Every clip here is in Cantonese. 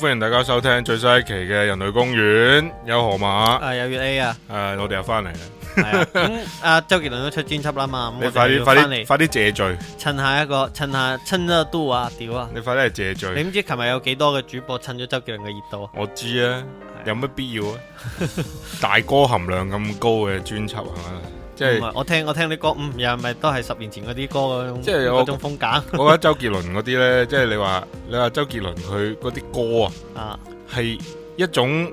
歡迎大家收聽最新一期嘅人類公園，有河馬、啊，有月 A 啊，誒、啊，我哋又翻嚟啦。阿周杰倫都出專輯啦嘛，你快啲快啲，快啲謝罪，趁下一個，趁下趁熱度啊，屌啊！你快啲嚟謝罪，你唔知琴日有幾多嘅主播趁咗周杰倫嘅熱度啊？我知啊，有乜必要啊？ 大哥含量咁高嘅專輯係咪？即係、就是嗯、我聽我聽啲歌，嗯，又係咪都係十年前嗰啲歌，即係種，種風格。我覺得周杰倫嗰啲咧，即、就、係、是、你話你話周杰倫佢嗰啲歌啊，係一種誒、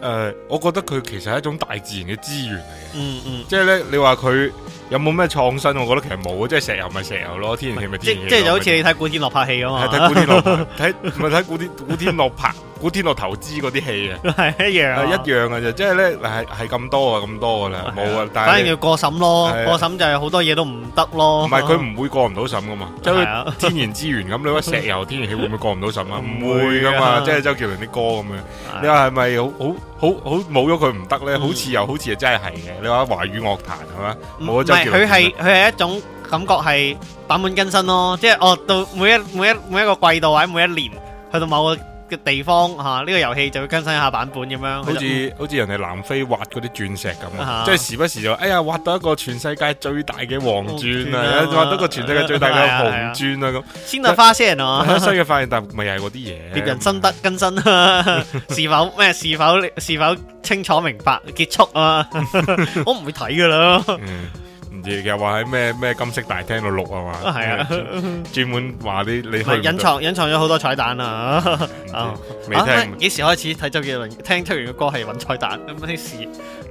呃，我覺得佢其實係一種大自然嘅資源嚟嘅。嗯嗯，即係咧，你話佢有冇咩創新？我覺得其實冇，即係石油咪石油咯，天然氣咪天然氣。即即係就好、是、似、就是、你睇古天樂拍戲咁，睇古天樂，睇唔係睇古天 古天樂拍。古天樂投資嗰啲戲啊，係一樣，一樣嘅啫，即係咧，係係咁多啊，咁多噶啦，冇啊，但係，反正要過審咯，過審就係好多嘢都唔得咯。唔係佢唔會過唔到審噶嘛，即係天然資源咁，你話石油、天然氣會唔會過唔到審啊？唔會噶嘛，即係周杰倫啲歌咁樣。你話係咪好好好好冇咗佢唔得咧？好似又好似又真係係嘅。你話華語樂壇係嘛？冇咗周杰倫佢係佢係一種感覺係版本更新咯，即係我到每一每一每一個季度或者每一年去到某個。嘅地方吓，呢、啊呢個遊戲就要更新一下版本咁樣。好似像就好似人哋南非挖嗰啲鑽石咁，是啊、即係時不時就，哎呀挖到一個全世界最大嘅黃鑽啊，挖到個全世界最大嘅紅鑽啊咁，先嘅發現啊，新嘅、啊啊、發現、啊，啊、但係咪係嗰啲嘢？別人心得更新 啊，是否咩？是否是否清楚明白結束啊？ 我唔會睇㗎喇。嗯又話喺咩咩金色大廳度錄啊？嘛？係啊，專門話啲你。係隱藏隱藏咗好多彩蛋啊！啊，未聽？幾、啊、時開始睇周杰倫聽出完嘅歌係搵彩蛋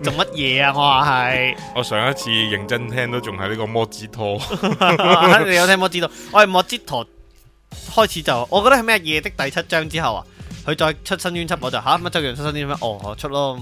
做乜嘢啊？我話係。我上一次認真聽都仲係呢個摩托《摩之徒》，你有聽《摩之徒》？我係《摩之徒》開始就，我覺得係咩《夜的第七章》之後啊，佢再出新專輯我就吓，咪、啊、周杰倫出新專輯？哦，我出咯。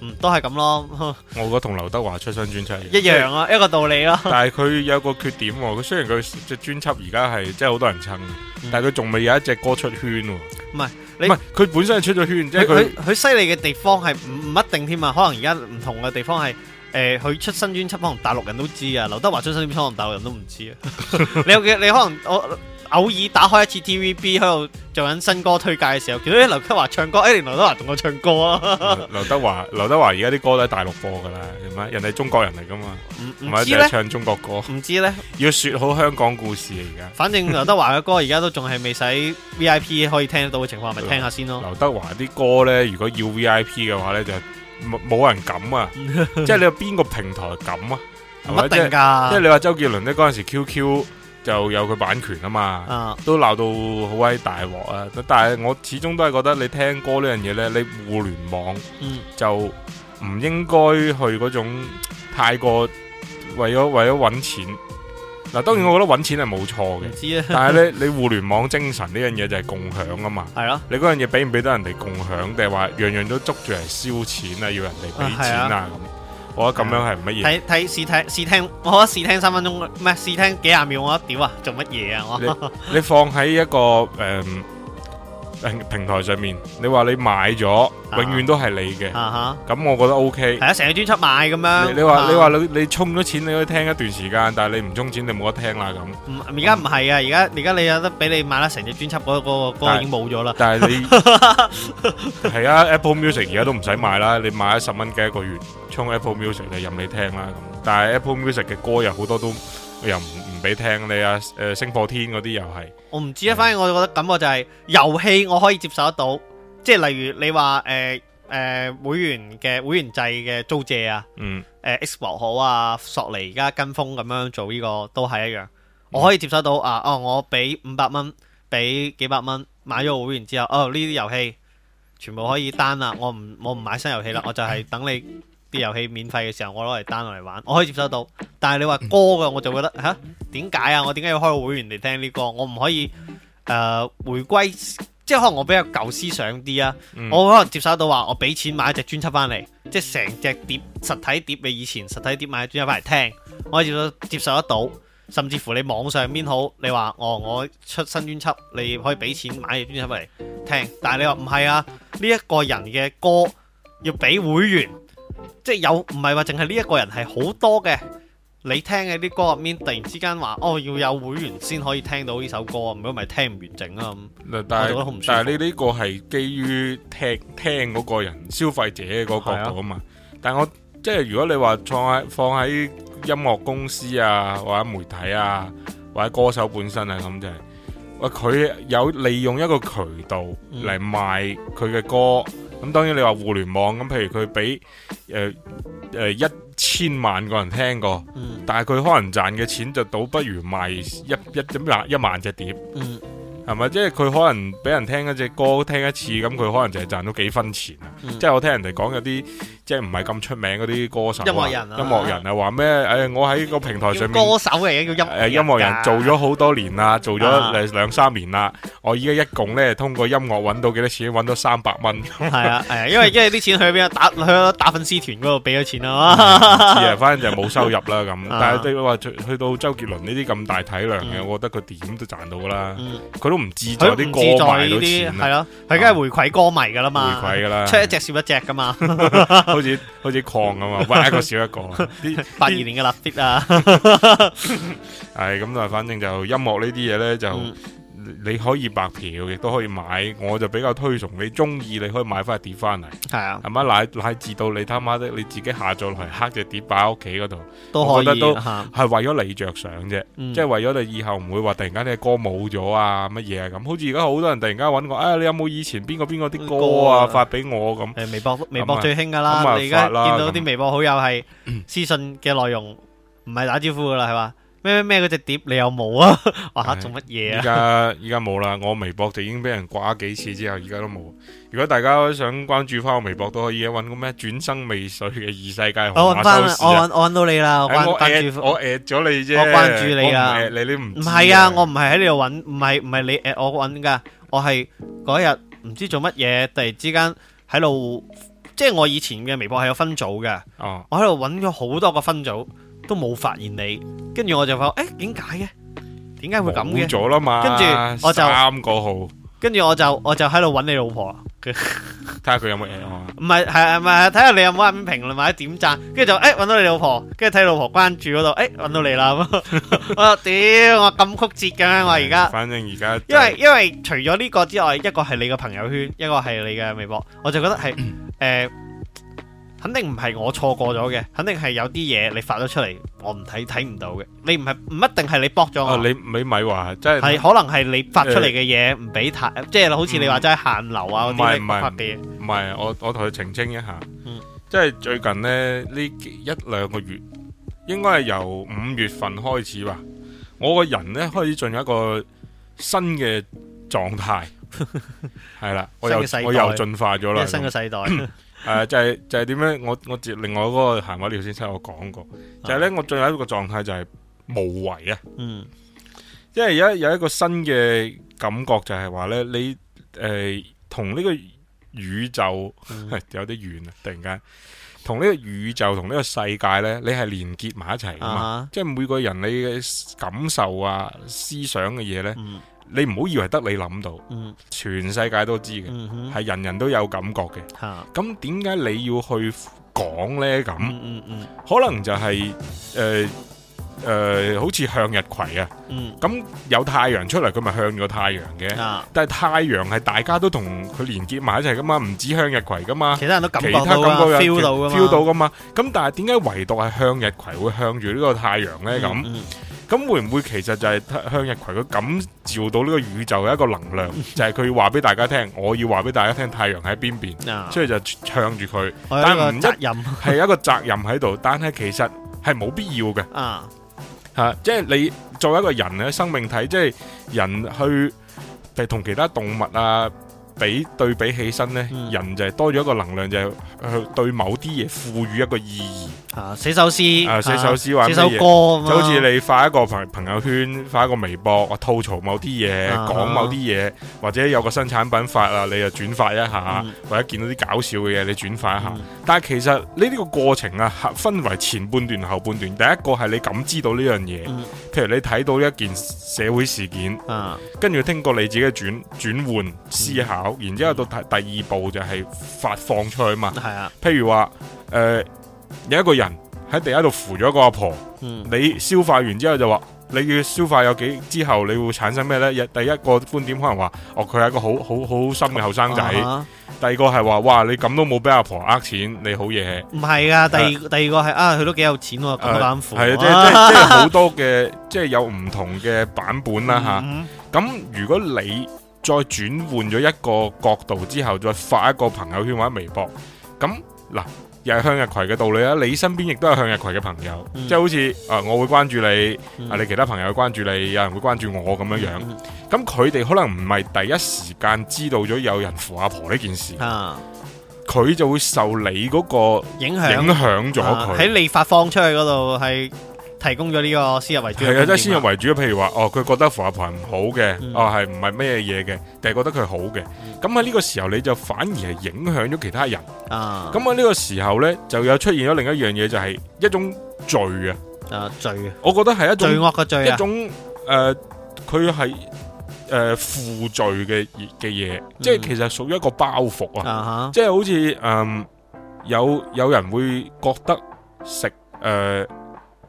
嗯，都係咁咯。我覺得同劉德華出新專輯一樣啊，一個道理咯、啊。但係佢有一個缺點、啊，佢雖然佢隻專輯而家係即係好多人撐，嗯、但係佢仲未有一隻歌出圈、啊。唔係你，唔係，佢本身係出咗圈，即係佢佢犀利嘅地方係唔唔一定添啊。可能而家唔同嘅地方係，誒、呃，佢出新專輯可能大陸人都知啊。劉德華出新專輯可能大陸人都唔知啊。你 你可能我。偶爾打開一次 TVB 喺度做緊新歌推介嘅時候，見到啲劉德華唱歌，哎，劉德華同我唱歌啊劉華！劉德華，劉德華而家啲歌都係大陸播噶啦，係咪？人哋中國人嚟噶嘛，唔係就唱中國歌。唔知咧，要說好香港故事啊！而家，反正劉德華嘅歌而家都仲係未使 VIP 可以聽得到嘅情況，咪聽下先咯。劉德華啲歌咧，如果要 VIP 嘅話咧，就冇、是、冇人敢啊！ 即係你有邊個平台咁啊？唔一定噶，即係你話周杰倫呢，嗰陣時 QQ。就有佢版權啊嘛，啊都鬧到好鬼大鑊啊！但係我始終都係覺得你聽歌呢樣嘢呢，你互聯網就唔應該去嗰種太過為咗為咗揾錢。嗱，當然我覺得揾錢係冇錯嘅，嗯啊、但係咧你互聯網精神呢樣嘢就係共享啊嘛。係咯、啊，你嗰樣嘢俾唔俾得人哋共享？定係話樣樣都捉住嚟燒錢啊？要人哋俾錢啊？我覺得咁樣係唔乜嘢。睇睇試聽試聽，我覺得試聽三分鐘，咩試聽幾廿秒？我覺得屌啊，做乜嘢啊？我你放喺一個誒平平台上面，你話你買咗，永遠都係你嘅。啊哈！咁我覺得 OK。係啊，成隻專輯買咁樣。你話你話你你充咗錢你可以聽一段時間，但係你唔充錢你冇得聽啦咁。唔而家唔係啊，而家而家你有得俾你買啦，成隻專輯嗰個嗰個已經冇咗啦。但係你係啊，Apple Music 而家都唔使買啦，你買咗十蚊雞一個月。充 Apple Music 就任你聽啦咁，但係 Apple Music 嘅歌又好多都又唔唔俾聽你啊，誒星火天嗰啲又係我唔知啊，是反正我就覺得感覺就係遊戲，我可以接受得到，即係例如你話誒誒會員嘅會員制嘅租借啊，誒、嗯呃、Xbox 好啊，索尼而家跟風咁樣做呢個都係一樣，我可以接受到、嗯、啊哦，我俾五百蚊俾幾百蚊買咗個會員之後，哦呢啲遊戲全部可以單啦，我唔我唔買新遊戲啦，我就係等你。啲遊戲免費嘅時候，我攞嚟 down 落嚟玩，我可以接受到。但係你話歌嘅，我就覺得吓？點解啊？我點解要開個會員嚟聽呢、這、歌、個？我唔可以誒、呃、回歸，即係可能我比較舊思想啲啊。我可能接受到話，我俾錢買一隻專輯翻嚟，即係成隻碟實體碟，比以前實體碟買專輯翻嚟聽，我可以接受接受得到。甚至乎你網上邊好，你話哦，我出新專輯，你可以俾錢買隻專輯翻嚟聽。但係你話唔係啊？呢、這、一個人嘅歌要俾會員。即係有，唔係話淨係呢一個人係好多嘅。你聽嘅啲歌入面，突然之間話哦要有會員先可以聽到呢首歌，如果唔係聽唔完整啊咁。但係但係你呢個係基於聽聽嗰個人消費者嘅嗰角度啊嘛。是啊但係我即係如果你話放喺放喺音樂公司啊，或者媒體啊，或者歌手本身啊咁就係，喂佢有利用一個渠道嚟賣佢嘅歌。咁當然你話互聯網咁，譬如佢俾誒誒一千萬個人聽過，嗯，但係佢可能賺嘅錢就倒不如賣一一一萬隻碟。嗯。係咪？即係佢可能俾人聽一隻歌聽一次咁，佢可能就係賺到幾分錢啊！即係我聽人哋講有啲即係唔係咁出名嗰啲歌手，音樂人音樂人啊話咩？誒，我喺個平台上面歌手嚟嘅，叫音誒音樂人，做咗好多年啦，做咗誒兩三年啦。我依家一共咧通過音樂揾到幾多錢？揾到三百蚊。係啊，係因為因為啲錢去邊啊？打去打粉絲團嗰度俾咗錢啦嘛。啊，反正就冇收入啦咁。但係對話去到周杰倫呢啲咁大體量嘅，我覺得佢點都賺到㗎啦。佢都。唔自在啲歌，哎啊、歌迷都錢啦，係咯，佢梗係回饋歌迷噶啦嘛，回饋噶啦，出一隻少一隻噶嘛，好似好似礦咁啊，挖 一個少一個，啲 八二年嘅垃圾啊，係咁啊，反正就音樂呢啲嘢咧就。嗯你可以白嫖嘅，都可以買。我就比較推崇你中意，你可以買翻嚟碟翻嚟。係啊，係咪？乃乃至到你他媽的你自己下載落去，黑隻碟擺喺屋企嗰度，都可以都係、啊、為咗你着想啫，嗯、即係為咗你以後唔會話突然間你嘅歌冇咗啊乜嘢啊咁。好似而家好多人突然間揾、哎啊啊、我，啊你有冇以前邊個邊個啲歌啊發俾我咁？微博微博最興噶啦，嗯、你而家見到啲微博好友係私信嘅內容，唔係、嗯、打招呼噶啦，係嘛？咩咩咩？嗰隻碟你有冇啊？哇、哦、吓，做乜嘢啊？依家依家冇啦，我微博就已經俾人掛咗幾次之後，而家都冇。如果大家想關注翻我微博都可以，揾個咩？轉生未遂嘅異世界豪我揾翻，我揾到你啦、哎！我 add 咗注你啫，我關注你啊！你你唔唔係啊？我唔係喺呢度揾，唔係唔係你 add 我揾噶，我係嗰日唔知做乜嘢，突然之間喺度，即、就、係、是、我以前嘅微博係有分組嘅，哦、我喺度揾咗好多個分組。都冇發現你，跟住我就發，誒點解嘅？點解會咁嘅？換咗啦嘛，跟住我就三個號，跟住我就我就喺度揾你老婆，睇下佢有乜嘢啊嘛。唔係係係係，睇下你有冇人評論或者點讚，跟住就誒揾到你老婆，跟住睇老婆關注嗰度，誒揾到你啦。我屌，我咁曲折嘅我而家。反正而家，因為因為除咗呢個之外，一個係你嘅朋友圈，一個係你嘅微博，我就覺得係誒。肯定唔係我錯過咗嘅，肯定係有啲嘢你發咗出嚟，我唔睇睇唔到嘅。你唔係唔一定係你駁咗、啊、你咪話，即係是可能係你發出嚟嘅嘢唔俾睇，即係好似你話齋、嗯、限流啊嗰啲發嘅嘢。唔係，唔係我我同佢澄清一下，嗯、即係最近呢，呢幾一兩個月，應該係由五月份開始吧。我個人呢，開始進入一個新嘅狀態，係啦， 我又我又進化咗啦，新嘅世代。我 誒、 呃，就係、是、就係點咧？我我接另外嗰個，個行話廖先生，我講過，就係、是、咧，嗯、我最後一個狀態就係無為啊。嗯，因為有有一個新嘅感覺，就係話咧，你誒、呃、同呢個宇宙、嗯、 有啲遠啊！突然間，同呢個宇宙同呢個世界咧，你係連結埋一齊噶嘛？啊、哈即係每個人你嘅感受啊、思想嘅嘢咧。嗯你唔好以為得你諗到，全世界都知嘅，係人人都有感覺嘅。咁點解你要去講呢？咁，可能就係誒誒，好似向日葵啊。咁有太陽出嚟，佢咪向個太陽嘅。但係太陽係大家都同佢連結埋一齊噶嘛，唔止向日葵噶嘛。其他人都感覺 feel 到噶嘛。咁但係點解唯獨係向日葵會向住呢個太陽呢？咁？咁會唔會其實就係向日葵佢咁照到呢個宇宙嘅一個能量，就係佢話俾大家聽，我要話俾大家聽太陽喺邊邊，所以就向住佢。但係唔一係一個責任喺度，但係其實係冇必要嘅。啊，吓，即係你作為一個人咧，生命體，即係人去，同其他動物啊比對比起身咧，人就係多咗一個能量，就去對某啲嘢賦予一個意義。寫首詩，寫首詩，寫首歌，就好似你發一個朋朋友圈，發一個微博，我吐槽某啲嘢，講某啲嘢，或者有個新產品發啦，你又轉發一下，或者見到啲搞笑嘅嘢，你轉發一下。但係其實呢啲個過程啊，分為前半段、後半段。第一個係你感知到呢樣嘢，譬如你睇到一件社會事件，跟住聽過你自己轉轉換思考，然之後到第二步就係發放出去嘛。係啊，譬如話誒。有一個人喺地下度扶咗個阿婆，嗯、你消化完之後就話，你要消化有幾之後你會產生咩呢？第一個觀點可能話，哦佢係一個好好好心嘅後生仔。啊、哈第二個係話，哇你咁都冇俾阿婆呃錢，你好嘢。唔係啊，啊，第二第二個係啊，佢都幾有錢喎，咁多款。係啊，即即係好多嘅，即係有唔同嘅版本啦吓。咁如果你再轉換咗一個角度之後，再發一個朋友圈或者微博，咁嗱，又係向日葵嘅道理啦，你身邊亦都有向日葵嘅朋友，嗯、即係好似啊，我會關注你啊，嗯、你其他朋友會關注你，有人會關注我咁樣樣。咁佢哋可能唔係第一時間知道咗有人扶阿婆呢件事啊，佢就會受你嗰個影響影響咗佢喺你發放出去嗰度係。提供咗呢個私入先入為主，係啊，即係先入為主。譬如話，哦，佢覺得胡阿婆唔好嘅，嗯、哦係唔係咩嘢嘅，定係覺得佢好嘅？咁喺呢個時候你就反而係影響咗其他人啊！咁喺呢個時候咧，就有出現咗另一樣嘢，就係、是、一種罪啊！啊，罪啊！我覺得係一種罪惡嘅罪啊！一種誒，佢係誒負罪嘅嘅嘢，嗯、即係其實屬於一個包袱啊！啊哈 即係好似嗯、呃，有有人會覺得食誒。呃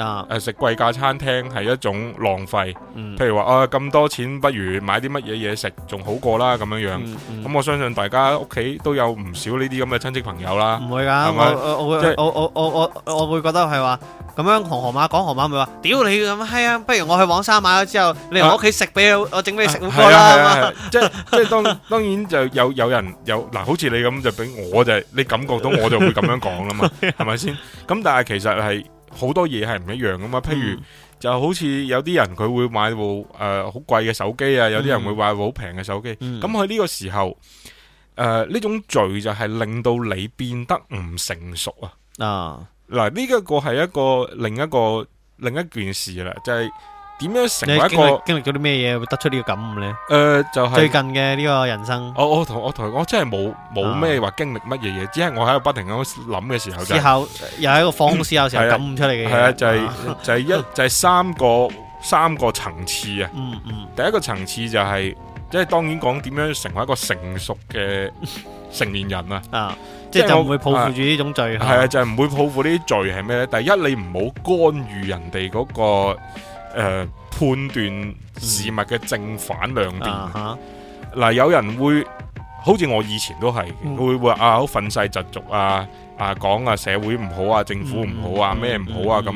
啊！誒食貴價餐廳係一種浪費，譬如話啊咁多錢，不如買啲乜嘢嘢食，仲好過啦咁樣樣。咁我相信大家屋企都有唔少呢啲咁嘅親戚朋友啦。唔會㗎，我我我我我我會覺得係話咁樣同河馬講河馬咪話，屌你咁閪啊！不如我去黃沙買咗之後你嚟我屋企食俾我，我整俾你食咁多啦。即即當當然就有有人有嗱，好似你咁就俾我就係你感覺到我就會咁樣講啦嘛，係咪先？咁但係其實係。好多嘢係唔一樣噶嘛，譬如、嗯、就好似有啲人佢會買部誒好貴嘅手機啊，有啲人會買部好平嘅手機，咁佢呢個時候誒呢、呃、種罪就係令到你變得唔成熟啊。啊，嗱呢一個係一個另一個另一件事啦，就係、係。點樣成為一個經歷咗啲咩嘢，會得出呢個感悟咧？誒，就係最近嘅呢個人生。我我同我同佢講，我真係冇冇咩話經歷乜嘢嘢，只係我喺度不停咁諗嘅時候就之後又喺個反思後時候感悟出嚟嘅嘢。係啊，就係就係一就係三個三個層次啊。嗯嗯，第一個層次就係即係當然講點樣成為一個成熟嘅成年人啊。啊，即係就唔會抱負住呢種罪係啊，就係唔會抱負呢啲罪係咩咧？第一，你唔好干預人哋嗰個。誒、呃、判斷事物嘅正反兩邊，嗱、uh huh. 呃、有人會好似我以前都係，嗯、會話啊好憤世嫉俗啊。啊，講啊，社會唔好啊，政府唔好啊，咩唔好啊咁。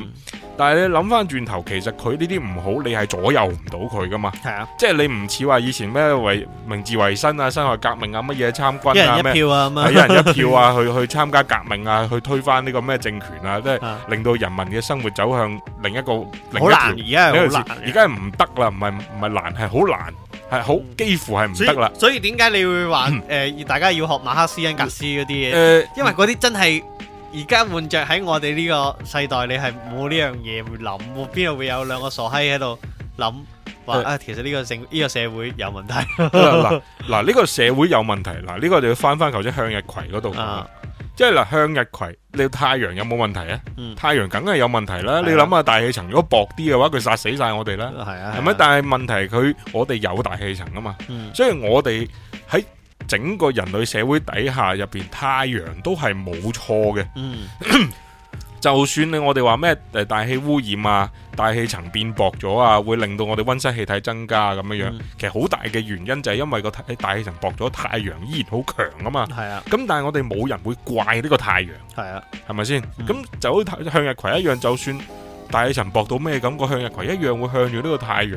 但係你諗翻轉頭，其實佢呢啲唔好，你係左右唔到佢㗎嘛。係啊，即係你唔似話以前咩為明治維新啊、辛亥革命啊乜嘢參軍啊咩，一人一票啊咁，一人一票啊去去參加革命啊，去推翻呢個咩政權啊，即係令到人民嘅生活走向另一個另一條。而家好難，而家係唔得啦，唔係唔係難，係好難，係好幾乎係唔得啦。所以點解你會話誒大家要學馬克思、恩格斯嗰啲嘢？誒，因為嗰啲真係。而家換着喺我哋呢個世代，你係冇呢樣嘢會諗，邊度會有兩個傻閪喺度諗話啊？其實呢個政呢個社會有問題。嗱嗱、啊，呢、 呢個社會有問題。嗱，呢、呢個就要翻翻頭先向日葵嗰度，即係嗱向日葵，你太陽有冇問題啊？太陽梗係有問題啦、嗯。你諗下大氣層如果薄啲嘅話，佢殺死晒我哋啦。係啊，係咪、啊？是啊、但係問題佢我哋有大氣層啊嘛。嗯、所以我哋喺。整個人類社會底下入邊，面太陽都係冇錯嘅。嗯， 就算你我哋話咩誒大氣污染啊，大氣層變薄咗啊，會令到我哋温室氣體增加咁，啊，樣樣。嗯，其實好大嘅原因就係因為個大氣層薄咗，太陽依然好強啊嘛。係啊。咁但係我哋冇人會怪呢個太陽。係啊。係咪先？咁，嗯，就好似向日葵一樣，就算大氣層薄到咩咁，個向日葵一樣會向住呢個太陽。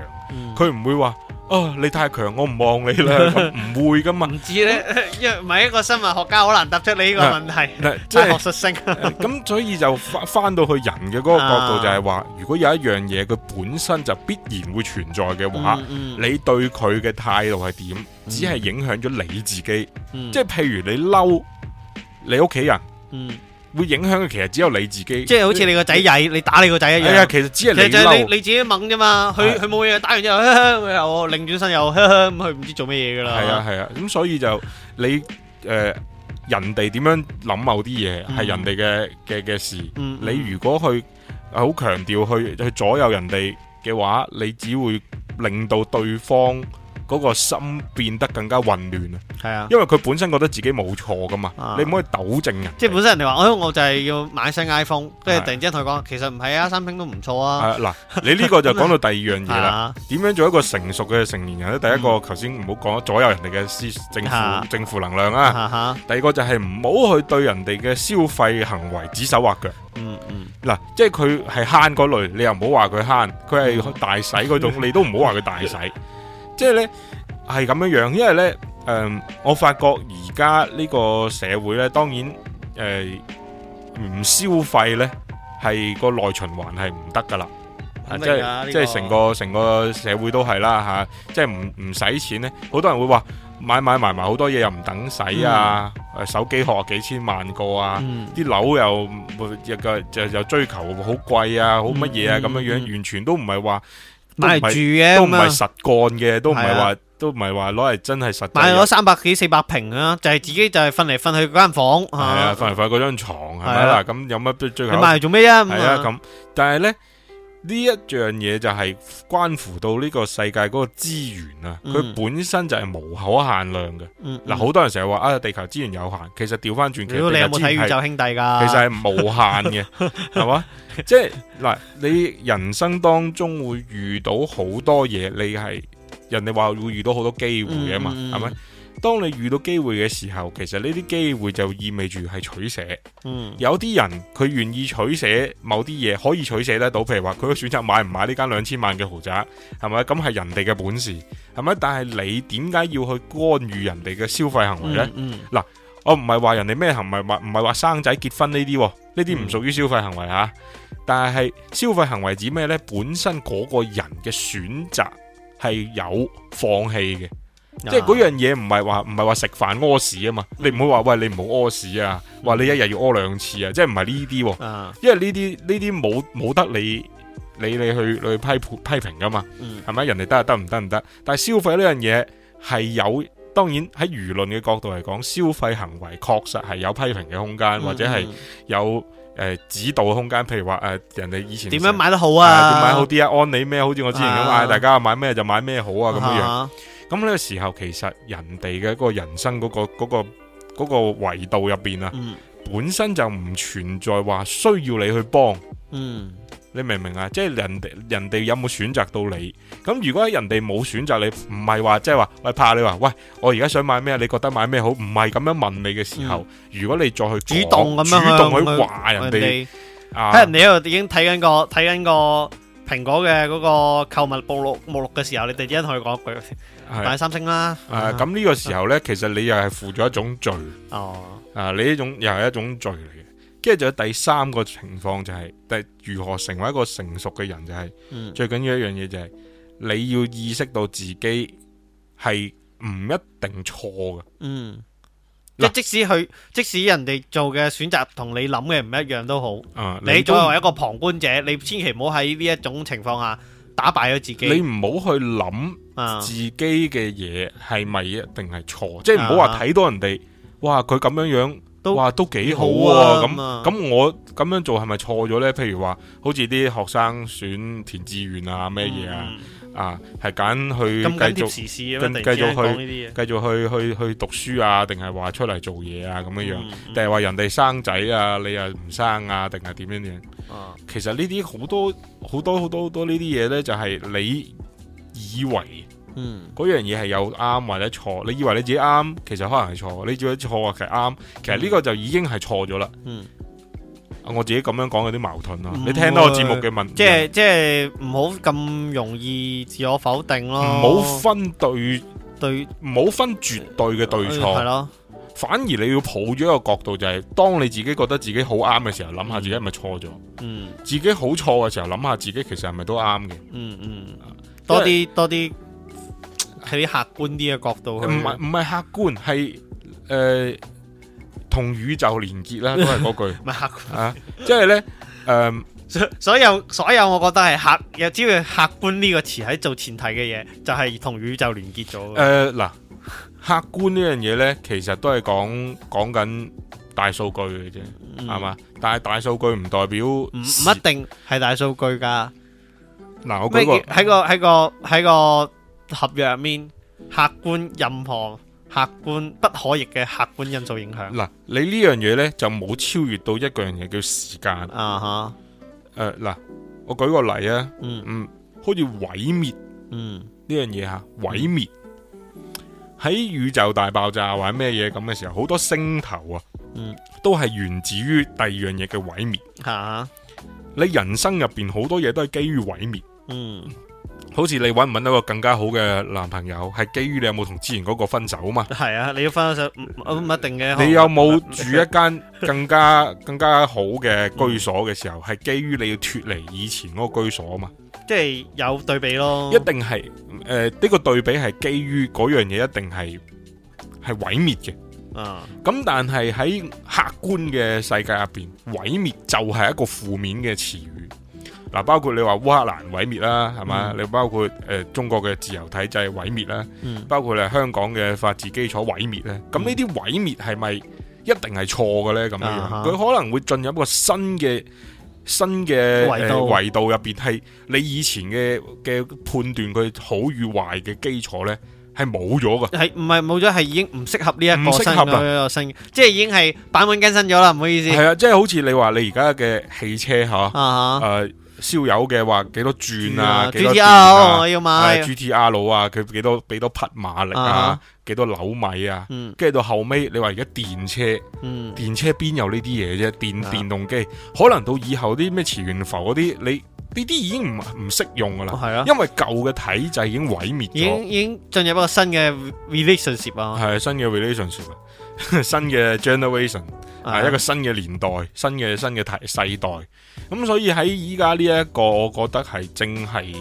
佢唔，嗯，會話。哦，你太強，我唔望你啦，唔 會噶嘛？唔知咧，因為唔係一個生物學家，好難答出你呢個問題。即係、啊、學術性。咁所以就翻翻到去人嘅嗰個角度，就係話，如果有一樣嘢，佢本身就必然會存在嘅話，嗯嗯、你對佢嘅態度係點，只係影響咗你自己。嗯、即係譬如你嬲你屋企人。嗯會影響嘅其實只有你自己，即係好似你個仔曳，你，你打你個仔一樣。的其實只係你你，你自己掹啫嘛，佢佢冇嘢，打完之後又擰轉身又咁，佢唔知做咩嘢噶啦。係啊係啊，咁所以就你誒、呃，人哋點樣諗某啲嘢係人哋嘅嘅嘅事，你如果去好強調去去左右人哋嘅話，你只會令到對方嗰個心變得更加混亂啊！係啊，因為佢本身覺得自己冇錯噶嘛，你唔可以糾正人。即係本身人哋話，我就係要買新 iPhone，跟住突然之間同佢講，其實唔係啊，三星都唔錯啊。嗱，你呢個就講到第二樣嘢啦。點樣做一個成熟嘅成年人咧？第一個，頭先唔好講咗，左右人哋嘅正負能量啊。第二個就係唔好去對人哋嘅消費行為指手畫腳。嗱，即係佢係慳嗰類，你又唔好話佢慳，佢係大洗嗰種，你都唔好話佢大洗。即係咧，係咁樣樣，因為咧，誒、嗯，我發覺而家呢個社會咧，當然誒唔、呃、消費咧，係個內循環係唔得噶啦，即係即係成個成個社會都係啦吓、嗯啊，即係唔唔使錢咧，好多人會話買買埋埋好多嘢，又唔等使啊，嗯、手機殼幾千萬個啊，啲樓、嗯、又又又追求好貴啊，好乜嘢啊咁、嗯嗯、樣樣，完全都唔係話。買嚟住嘅，都唔係實幹嘅，都唔係話，都唔係話攞嚟真係實。買咗三百幾四百平啦，就係自己就係瞓嚟瞓去嗰間房，係啊，瞓嚟瞓去嗰張床，係咪啦？咁有乜最最後？你買嚟做咩啊？係啊，咁但係咧。呢一樣嘢就係關乎到呢個世界嗰個資源啊，佢本身就係無可限量嘅。嗱、嗯，好、嗯、多人成日話啊，地球資源有限，其實調翻轉其實係無限嘅，係嘛？ 即係嗱，你人生當中會遇到好多嘢，你係人哋話會遇到好多機會嘅嘛，係咪、嗯？當你遇到機會嘅時候，其實呢啲機會就意味住係取捨。嗯，有啲人佢願意取捨某啲嘢，可以取捨得到，譬如話佢嘅選擇買唔買呢間兩千萬嘅豪宅，係咪？咁係人哋嘅本事，係咪？但係你點解要去干預人哋嘅消費行為呢？嗱、嗯嗯，我唔係話人哋咩行為，唔係話生仔結婚呢啲、哦，呢啲唔屬於消費行為吓、啊。嗯、但係消費行為指咩呢？本身嗰個人嘅選擇係有放棄嘅。即係嗰樣嘢唔係話唔係話食飯屙屎啊嘛，嗯、你唔好話喂，你唔好屙屎啊，話你一日要屙兩次啊，即係唔係呢啲，嗯、因為呢啲呢啲冇冇得你你你去你去批判批評噶嘛，係咪、嗯、人哋得得唔得唔得？但係消費呢樣嘢係有，當然喺輿論嘅角度嚟講，消費行為確實係有批評嘅空間，嗯、或者係有誒、呃、指導嘅空間。譬如話誒、呃、人哋以前點樣買得好啊，啊、點樣買好啲啊，安你咩？好似我之前咁嗌、啊啊、大家買咩就買咩好啊咁、啊、樣。啊啊咁呢個時候，其實人哋嘅一個人生嗰個嗰個嗰個維度入邊啊，嗯、本身就唔存在話需要你去幫。嗯，你明唔明啊？即係人哋人哋有冇選擇到你？咁如果人哋冇選擇你不，唔係話即係話喂，怕你話喂，我而家想買咩？你覺得買咩好？唔係咁樣問你嘅時候，嗯、如果你再去主動咁樣主動去話人哋啊，你喺度已經睇緊個睇緊個蘋果嘅嗰個購物目錄目錄嘅時候，你第啲同佢講一句。買、啊、三星啦，咁、嗯、呢、啊、個時候呢，嗯、其實你又係負咗一種罪哦，啊，你呢種又係一種罪嚟嘅。跟住仲有第三個情況就係、是，第如何成為一個成熟嘅人就係、是，嗯、最緊要一樣嘢就係、是，你要意識到自己係唔一定錯嘅。嗯，即啦即使去，即使人哋做嘅選擇同你諗嘅唔一樣都好，嗯、你，都你作為一個旁觀者，你千祈唔好喺呢一種情況下打敗咗自己。你唔好去諗。自己嘅嘢係咪一定係錯？即係唔好話睇到人哋，哇佢咁樣樣，哇都幾好啊！咁咁我咁樣做係咪錯咗咧？譬如話，好似啲學生選填志願啊，咩嘢啊，啊係揀去繼續，繼續去繼續去去去讀書啊，定係話出嚟做嘢啊？咁樣樣，定係話人哋生仔啊，你又唔生啊？定係點樣樣？啊，其實呢啲好多好多好多好多呢啲嘢咧，就係你。以為嗯嗰樣嘢係有啱或者錯，你以為你自己啱，其實可能係錯；你做咗錯嘅其實啱，其實呢個就已經係錯咗啦。嗯，我自己咁樣講有啲矛盾啦。會你聽到我節目嘅問題即，即係即係唔好咁容易自我否定咯，唔好分對對，唔好分絕對嘅對錯。反而你要抱住一個角度，就係、是、當你自己覺得自己好啱嘅時候，諗下自己係咪錯咗？嗯，自己好錯嘅時候，諗下自己其實係咪都啱嘅，嗯？嗯嗯。多啲、就是、多啲，喺啲客觀啲嘅角度去，唔係唔係客觀，係誒、呃、同宇宙連結啦，都係嗰句。唔係 客觀、啊，即係咧誒，所有所有，我覺得係客，又只要客觀呢個詞喺做前提嘅嘢，就係、是、同宇宙連結咗、呃。誒嗱，客觀呢樣嘢咧，其實都係講講緊大數據嘅啫，係嘛、嗯？但係大數據唔代表唔唔一定係大數據噶。嗱、啊，我喺、喺個喺個喺個，個合約入面，客觀任何客觀不可逆嘅客觀因素影響。嗱、啊，你呢樣嘢咧就冇超越到一樣嘢叫時間、uh huh. 啊。啊哈，誒，嗱，我舉個例啊，嗯嗯，好似毀滅，嗯呢樣嘢吓，毀滅喺宇宙大爆炸或者咩嘢咁嘅時候，好多星球啊，嗯，都係源自於第二樣嘢嘅毀滅。吓、uh，huh. 你人生入邊好多嘢都係基於毀滅。嗯，好似你搵唔搵到個更加好嘅男朋友，係基於你有冇同之前嗰個分手啊嘛？係啊，你要分手，唔一定嘅。你有冇住一間更加 更加好嘅居所嘅時候，係基於你要脫離以前嗰個居所啊嘛？即係有對比咯。一定係誒，呢、呃這個對比係基於嗰樣嘢，一定係係毀滅嘅。啊，咁、嗯、但係喺客觀嘅世界入邊，毀滅就係一個負面嘅詞語。嗱，包括你話烏克蘭毀滅啦，係嘛？你包括誒中國嘅自由體制毀滅啦，包括咧香港嘅法治基礎毀滅咧。咁呢啲毀滅係咪一定係錯嘅咧？咁樣，佢可能會進入一個新嘅新嘅維度，維度入邊係你以前嘅嘅判斷佢好與壞嘅基礎咧，係冇咗噶。係唔係冇咗？係已經唔適合呢一個新嘅新，即係已經係版本更新咗啦。唔好意思，係啊，即係好似你話你而家嘅汽車嚇，誒。燒油嘅話幾多轉啊？G T R，啊、我要買，uh, G T R 路啊，佢幾多幾多匹馬力啊？幾、uh huh、多扭米啊？跟住、uh huh、到後尾，你話而家電車，uh huh、電車邊有這些東西呢啲嘢啫？電、uh huh、電動機可能到以後啲咩磁懸浮嗰啲，你呢啲已經唔唔識用噶啦，係啊、uh，huh、因為舊嘅體制已經毀滅咗，已經已經進入一個新嘅 relationship 啊，係新嘅 relationship。新嘅 generation，啊一個新嘅年代，新嘅新嘅世代，咁所以喺依家呢一個，我覺得係正係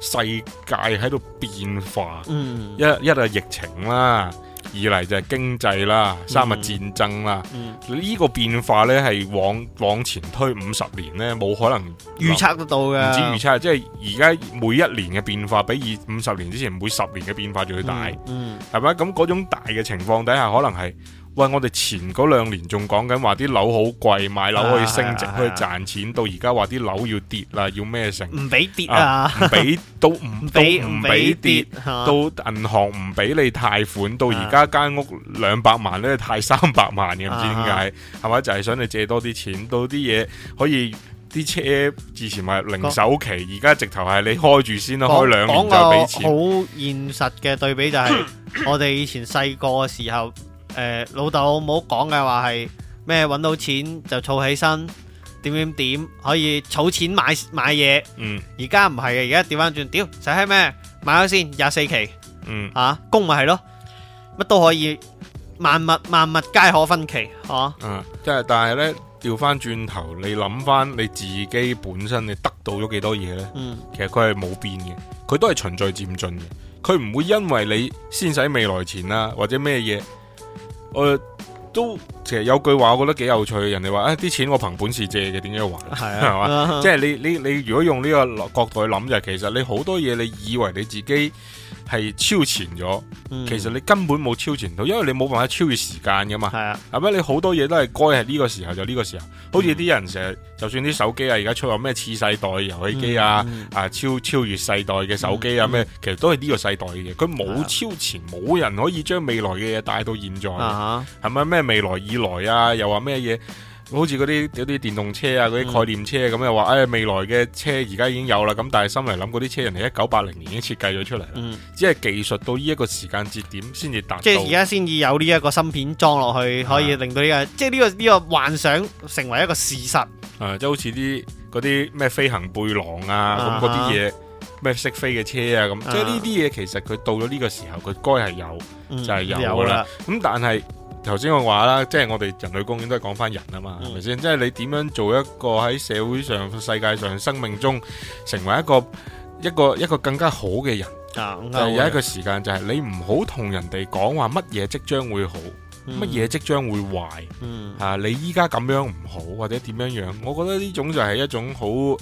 世界喺度變化，嗯，一一係疫情啦。二嚟就係經濟啦，三日戰爭啦。呢、嗯嗯、個變化咧係往往前推五十年咧，冇可能預測得到嘅。唔止預測，即係而家每一年嘅變化比，比二五十年之前每十年嘅變化仲要大。嗯，係、嗯、咪？咁嗰種大嘅情況底下，可能係。喂，我哋前嗰兩年仲講緊話啲樓好貴，買樓可以升值，可以賺錢。到而家話啲樓要跌啦，要咩成？唔俾跌啊！唔俾都唔俾唔俾跌，到銀行唔俾你貸款。到而家間屋兩百萬咧，貸三百萬嘅，唔知點解係咪就係想你借多啲錢。到啲嘢可以，啲車之前咪零首期，而家直頭係你開住先啦，開兩年再俾錢。好現實嘅對比就係我哋以前細個嘅時候。誒、呃，老豆冇好講嘅話係咩？搵到錢就儲起身，點點點可以儲錢買買嘢。嗯，而家唔係嘅，而家調翻轉，屌使閪咩買咗先廿四期。嗯、啊，吓供咪係咯，乜都可以，萬物萬物皆可分期吓。啊、嗯，即係但係呢，調翻轉頭，你諗翻你自己本身你得到咗幾多嘢呢？嗯，其實佢係冇變嘅，佢都係循序漸進嘅，佢唔會因為你先使未來錢呀，或者咩嘢。我、呃、都其實有句話，我覺得幾有趣。人哋話：啊、哎、啲錢我憑本事借嘅，點樣還？係啊，吧 即係你你你，你你如果用呢個角度去諗就係，其實你好多嘢，你以為你自己係超前咗，其實你根本冇超前到，因為你冇辦法超越時間㗎嘛。係是啊是是，係咪你好多嘢都係該係呢個時候就呢個時候？好似啲人成日就算啲手機啊，而家出咗咩次世代遊戲機啊，嗯、啊超超越世代嘅手機啊，咩、嗯、其實都係呢個世代嘅嘢，佢冇超前，冇是、啊、人可以將未來嘅嘢帶到現在。係咪咩未來以來啊？又話咩嘢？好似嗰啲嗰啲電動車啊，嗰啲概念車咁，嗯、又話誒、哎、未來嘅車而家已經有啦，咁但係心嚟諗嗰啲車，人哋一九八零年已經設計咗出嚟，嗯，只係技術到呢一個時間節點先至達，即係而家先至有呢一個芯片裝落去，啊、可以令到呢個，即係呢、這個呢、這個幻想成為一個事實，啊，即係好似啲嗰啲咩飛行背囊啊，咁嗰啲嘢，咩識、啊、飛嘅車啊，咁、啊、即係呢啲嘢其實佢到咗呢個時候，佢該係有、嗯、就係有噶啦，咁但係。頭先我話啦，即係我哋人類公園都係講翻人啊嘛，係咪先？即係你點樣做一個喺社會上、世界上、生命中成為一個一個一個更加好嘅人，啊、就有一個時間就係你唔好同人哋講話乜嘢即將會好，乜嘢、嗯、即將會壞，吓、嗯啊、你依家咁樣唔好或者點樣樣，我覺得呢種就係一種好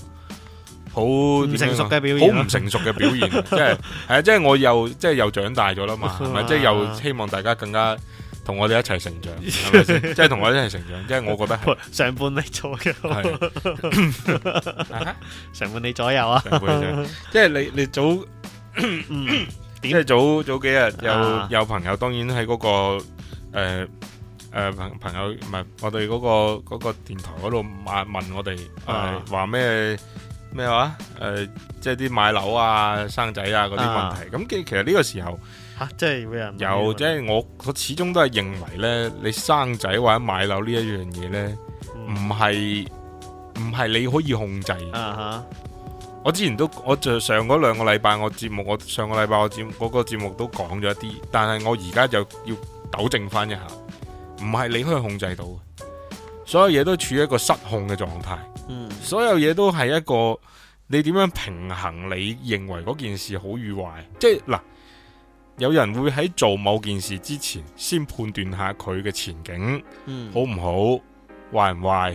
好唔成熟嘅表現，好唔成熟嘅表現，即係係啊，即係我又即係又長大咗啦嘛，係咪、啊？即係又希望大家更加。同我哋一齊成長， 即係同我哋一齊成長， 即係我覺得係上半你左右， 啊、上半你左右啊！ 即係你你早， 即係早早幾日有、啊、有朋友，當然喺嗰、嗰個誒誒朋朋友，唔係我哋嗰、嗰個嗰、嗰個電台嗰度問我哋，誒話咩咩話？誒、啊呃、即係啲買樓啊、生仔啊嗰啲問題。咁、啊、其實呢個時候。啊、即係咩有由即係我，我始終都係認為呢，你生仔或者買樓呢一樣嘢呢，唔係唔係你可以控制。啊、哈我之前都我就上嗰兩個禮拜我節目，我上個禮拜我節嗰個節目都講咗一啲，但係我而家就要糾正翻一下，唔係你可以控制到，所有嘢都處於一個失控嘅狀態。嗯、所有嘢都係一個你點樣平衡？你認為嗰件事好與壞？即係嗱。有人會喺做某件事之前，先判斷下佢嘅前景、嗯、好唔好，壞唔壞，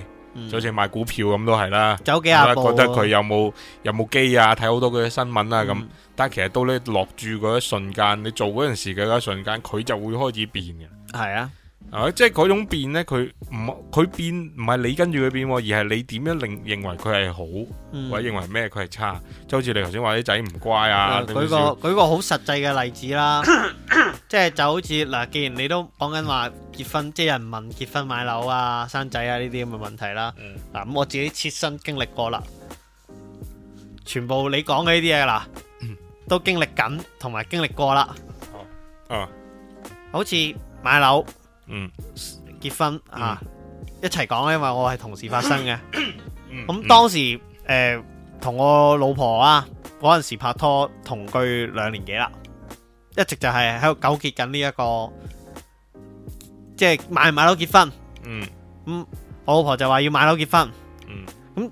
就好似買股票咁都係啦。走幾覺得佢有冇有冇機、嗯、啊？睇好多佢嘅新聞啊咁。嗯、但係其實到你落注嗰一瞬間，你做嗰陣時嘅一瞬間，佢就會開始變嘅。係啊。啊！即係嗰種變咧，佢唔佢變唔係你跟住佢變，而係你點樣令認為佢係好，或者認為咩佢係差，就好似你頭先話啲仔唔乖啊。舉個舉個好實際嘅例子啦，即係就好似嗱，既然你都講緊話結婚，即係人問結婚買樓啊、生仔啊呢啲咁嘅問題啦。嗱，咁我自己切身經歷過啦，全部你講嘅呢啲嘢啦，都經歷緊同埋經歷過啦。哦，好似買樓。嗯，結婚啊，嗯、一齊講，因為我係同時發生嘅。咁、 嗯、當時誒，同、呃、我老婆啊嗰陣時拍拖同居兩年幾啦，一直就係喺度糾結緊呢一個，即、就、係、是、買唔買樓結婚？嗯，咁、嗯、我老婆就話要買樓結婚。嗯，咁、嗯、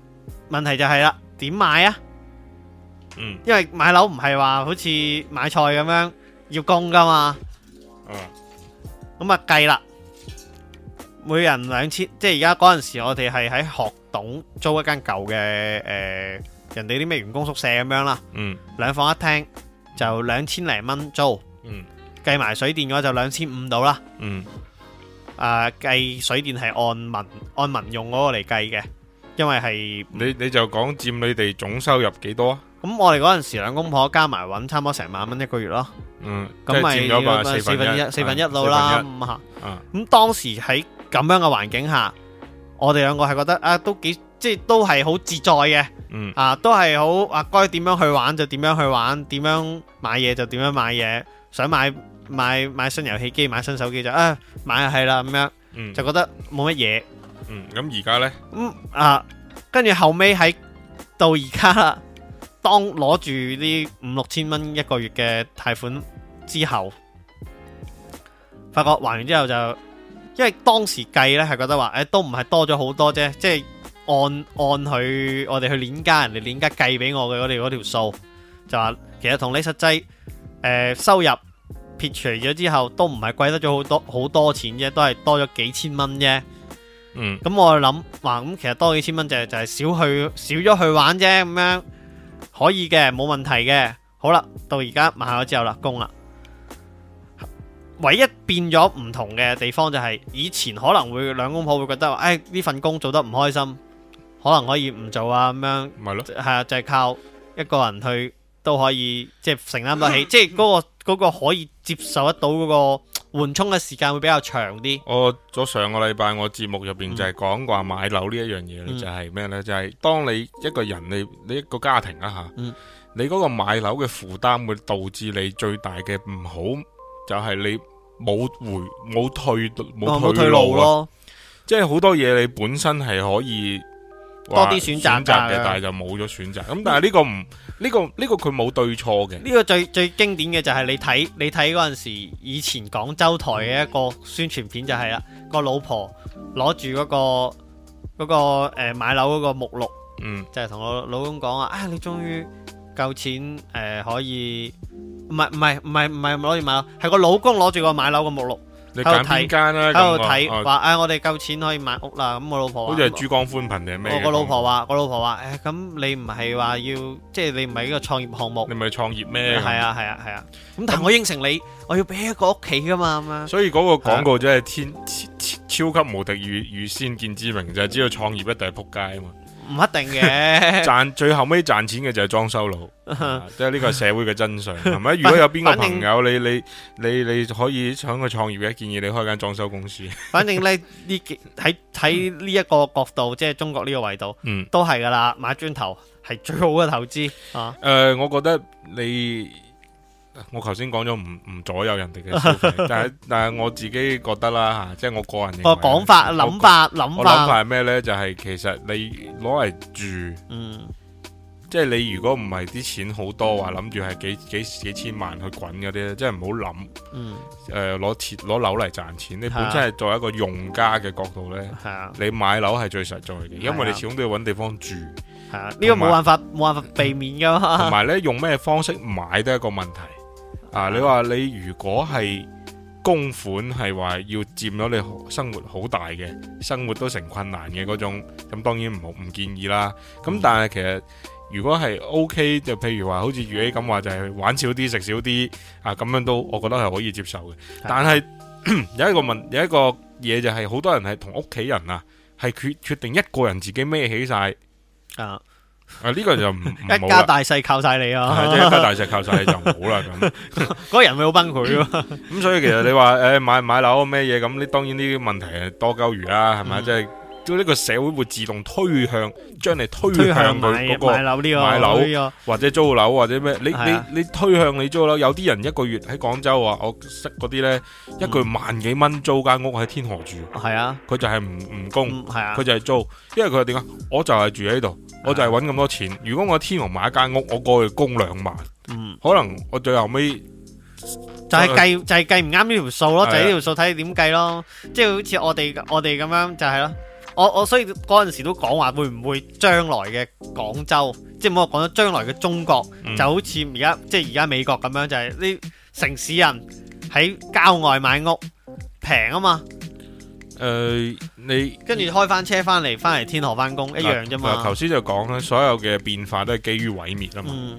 問題就係啦，點買啊？嗯，因為買樓唔係話好似買菜咁樣要供噶嘛。嗯。啊咁啊，計啦，每人兩千，即係而家嗰陣時，我哋係喺學董租一間舊嘅，誒，人哋啲咩員工宿舍咁樣啦，嗯，兩房一廳就兩千零蚊租，嗯，計埋水電嘅話就兩千五到啦，嗯，誒，計水電係按民按民用嗰個嚟計嘅，因為係你你就講占你哋總收入幾多啊？咁我哋嗰陣時兩公婆加埋搵，差唔多成萬蚊一個月咯。嗯，咁咪四分一四分一路啦，咁下、嗯、當時喺咁樣嘅環境下，我哋兩個係覺得啊，都幾即係都係好自在嘅。嗯啊，都係好啊，該點樣去玩就點樣去玩，點樣買嘢就點樣買嘢，想買買買新遊戲機、買新手機就啊買係啦咁樣，嗯、就覺得冇乜嘢。咁而家呢嗯啊，跟住後尾喺到而家啦。當攞住呢五六千蚊一個月嘅貸款之後，發覺還完之後就，因為當時計呢，係覺得話，誒、欸、都唔係多咗好多啫，即係按按佢我哋去鏈家人哋鏈家計俾我嘅嗰條嗰條數，就話其實同你實際誒、呃、收入撇除咗之後，都唔係貴得咗好多好多錢啫，都係多咗幾千蚊啫。嗯，咁我諗，哇，咁其實多幾千蚊就係、就係、係、少去少咗去玩啫，咁樣。可以嘅，冇問題嘅。好啦，到而家買咗之後啦，供啦。唯一變咗唔同嘅地方就係，以前可能會兩公婆會覺得，誒呢份工做得唔開心，可能可以唔做啊咁樣。咪係啊，就係靠一個人去都可以，即係承擔得起，即係嗰個嗰個可以接受得到嗰個。緩衝嘅時間會比較長啲。我咗上個禮拜我節目入邊、嗯、就係講話買樓呢一樣嘢就係咩呢？就係、係、當你一個人你你一個家庭啊吓，嗯、你嗰個買樓嘅負擔會導致你最大嘅唔好就係，就係你冇回冇退冇退、退路咯。即係好多嘢你本身係可以。多啲選擇嘅，但係就冇咗選擇。咁但係呢、嗯、個唔，呢、這個呢、這個佢冇對錯嘅。呢個最最經典嘅就係你睇你睇嗰陣時，以前廣州台嘅一個宣傳片就係、是、啦，那個老婆攞住嗰個嗰、那個誒、呃、買樓嗰個目錄，嗯，就係同我老公講啊，啊你終於夠錢誒、呃、可以，唔係唔係唔係唔係攞住買樓，係個老公攞住個買樓嘅目錄。喺度睇間啦，喺度睇話，誒、啊哎，我哋夠錢可以買屋啦。咁我老婆話好似係珠江寬頻定係咩？我個老婆話，我老婆話，誒，咁、哎、你唔係話要，即、就、係、是、你唔係一個創業項目。你唔係創業咩？係啊係啊係啊。咁、啊啊啊、但係我應承你，那我要俾一個屋企噶嘛。咁啊。所以嗰個廣告真係天超超級無敵有有先見之明，就係、是、知道創業一定係撲街啊嘛。唔一定嘅， 賺最後尾賺錢嘅就係裝修佬、 啊，即係呢個社會嘅真相，係咪？如果有邊個朋友正你你你你可以想去創業嘅，建議你開間裝修公司。反正咧呢喺喺呢一個角度，嗯、即係中國呢個維度，都係噶啦，買磚頭係最好嘅投資啊。誒、呃，我覺得你。我頭先講咗唔唔左右人哋嘅，但係但係我自己覺得啦吓，即係我個人個講法諗法諗法係咩呢？就係其實你攞嚟住，嗯，即係你如果唔係啲錢好多話，諗住係幾幾幾千萬去滾嗰啲即係唔好諗，嗯，誒，攞錢攞樓嚟賺錢，你本身係作為一個用家嘅角度呢，係啊，你買樓係最實在嘅，係啊，因為你始終都要搵地方住，係啊，呢個冇辦法冇辦法避免噶，同埋呢，用咩方式買都係一個問題。啊！你話你如果係供款係話要佔咗你生活好大嘅生活都成困難嘅嗰種，咁當然唔好唔建議啦。咁但係其實如果係 OK，就譬如話好似如 A 咁話，就係、是、玩少啲食少啲啊，咁樣都我覺得係可以接受嘅。是的 但係有一個問有一個嘢就係、是、好多人係同屋企人啊，係決決定一個人自己孭起晒。啊。啊！呢、這個就唔一家大細靠晒你啊！即係、就是、一家大細靠晒你就，就唔好啦。咁嗰個人會好崩潰咯。咁 所以其實你話誒、呃、買買樓咩嘢咁，你當然呢啲問題係多鳩餘啦，啊，係咪即係。嗯就是做呢個社會會自動推向，將你推向佢嗰個買樓，呢個或者租樓或者咩，你你你推向你租樓，有啲人一個月喺廣州話，我識嗰啲咧，一個月萬幾蚊租間屋喺天河住。係啊，佢就係唔唔供，係啊，佢就係租，因為佢點啊？我就係住喺度，我就係揾咁多錢。如果我天河買一間屋，我過去供兩萬，可能我最後尾就係計就係計唔啱呢條數咯，就係呢條數睇你點計咯，即係好似我哋我哋咁樣就係咯。我我所以嗰陣時都講話會唔會將來嘅廣州，即係唔好講咗將來嘅中國，就好似而家即係而家美國咁樣，就係、是、啲城市人喺郊外買屋平啊嘛。誒、呃，你跟住開返車返嚟，返嚟天河返工、呃、一樣啫嘛、呃。頭先就講啦，所有嘅變化都係基於毀滅啊嘛。嗯、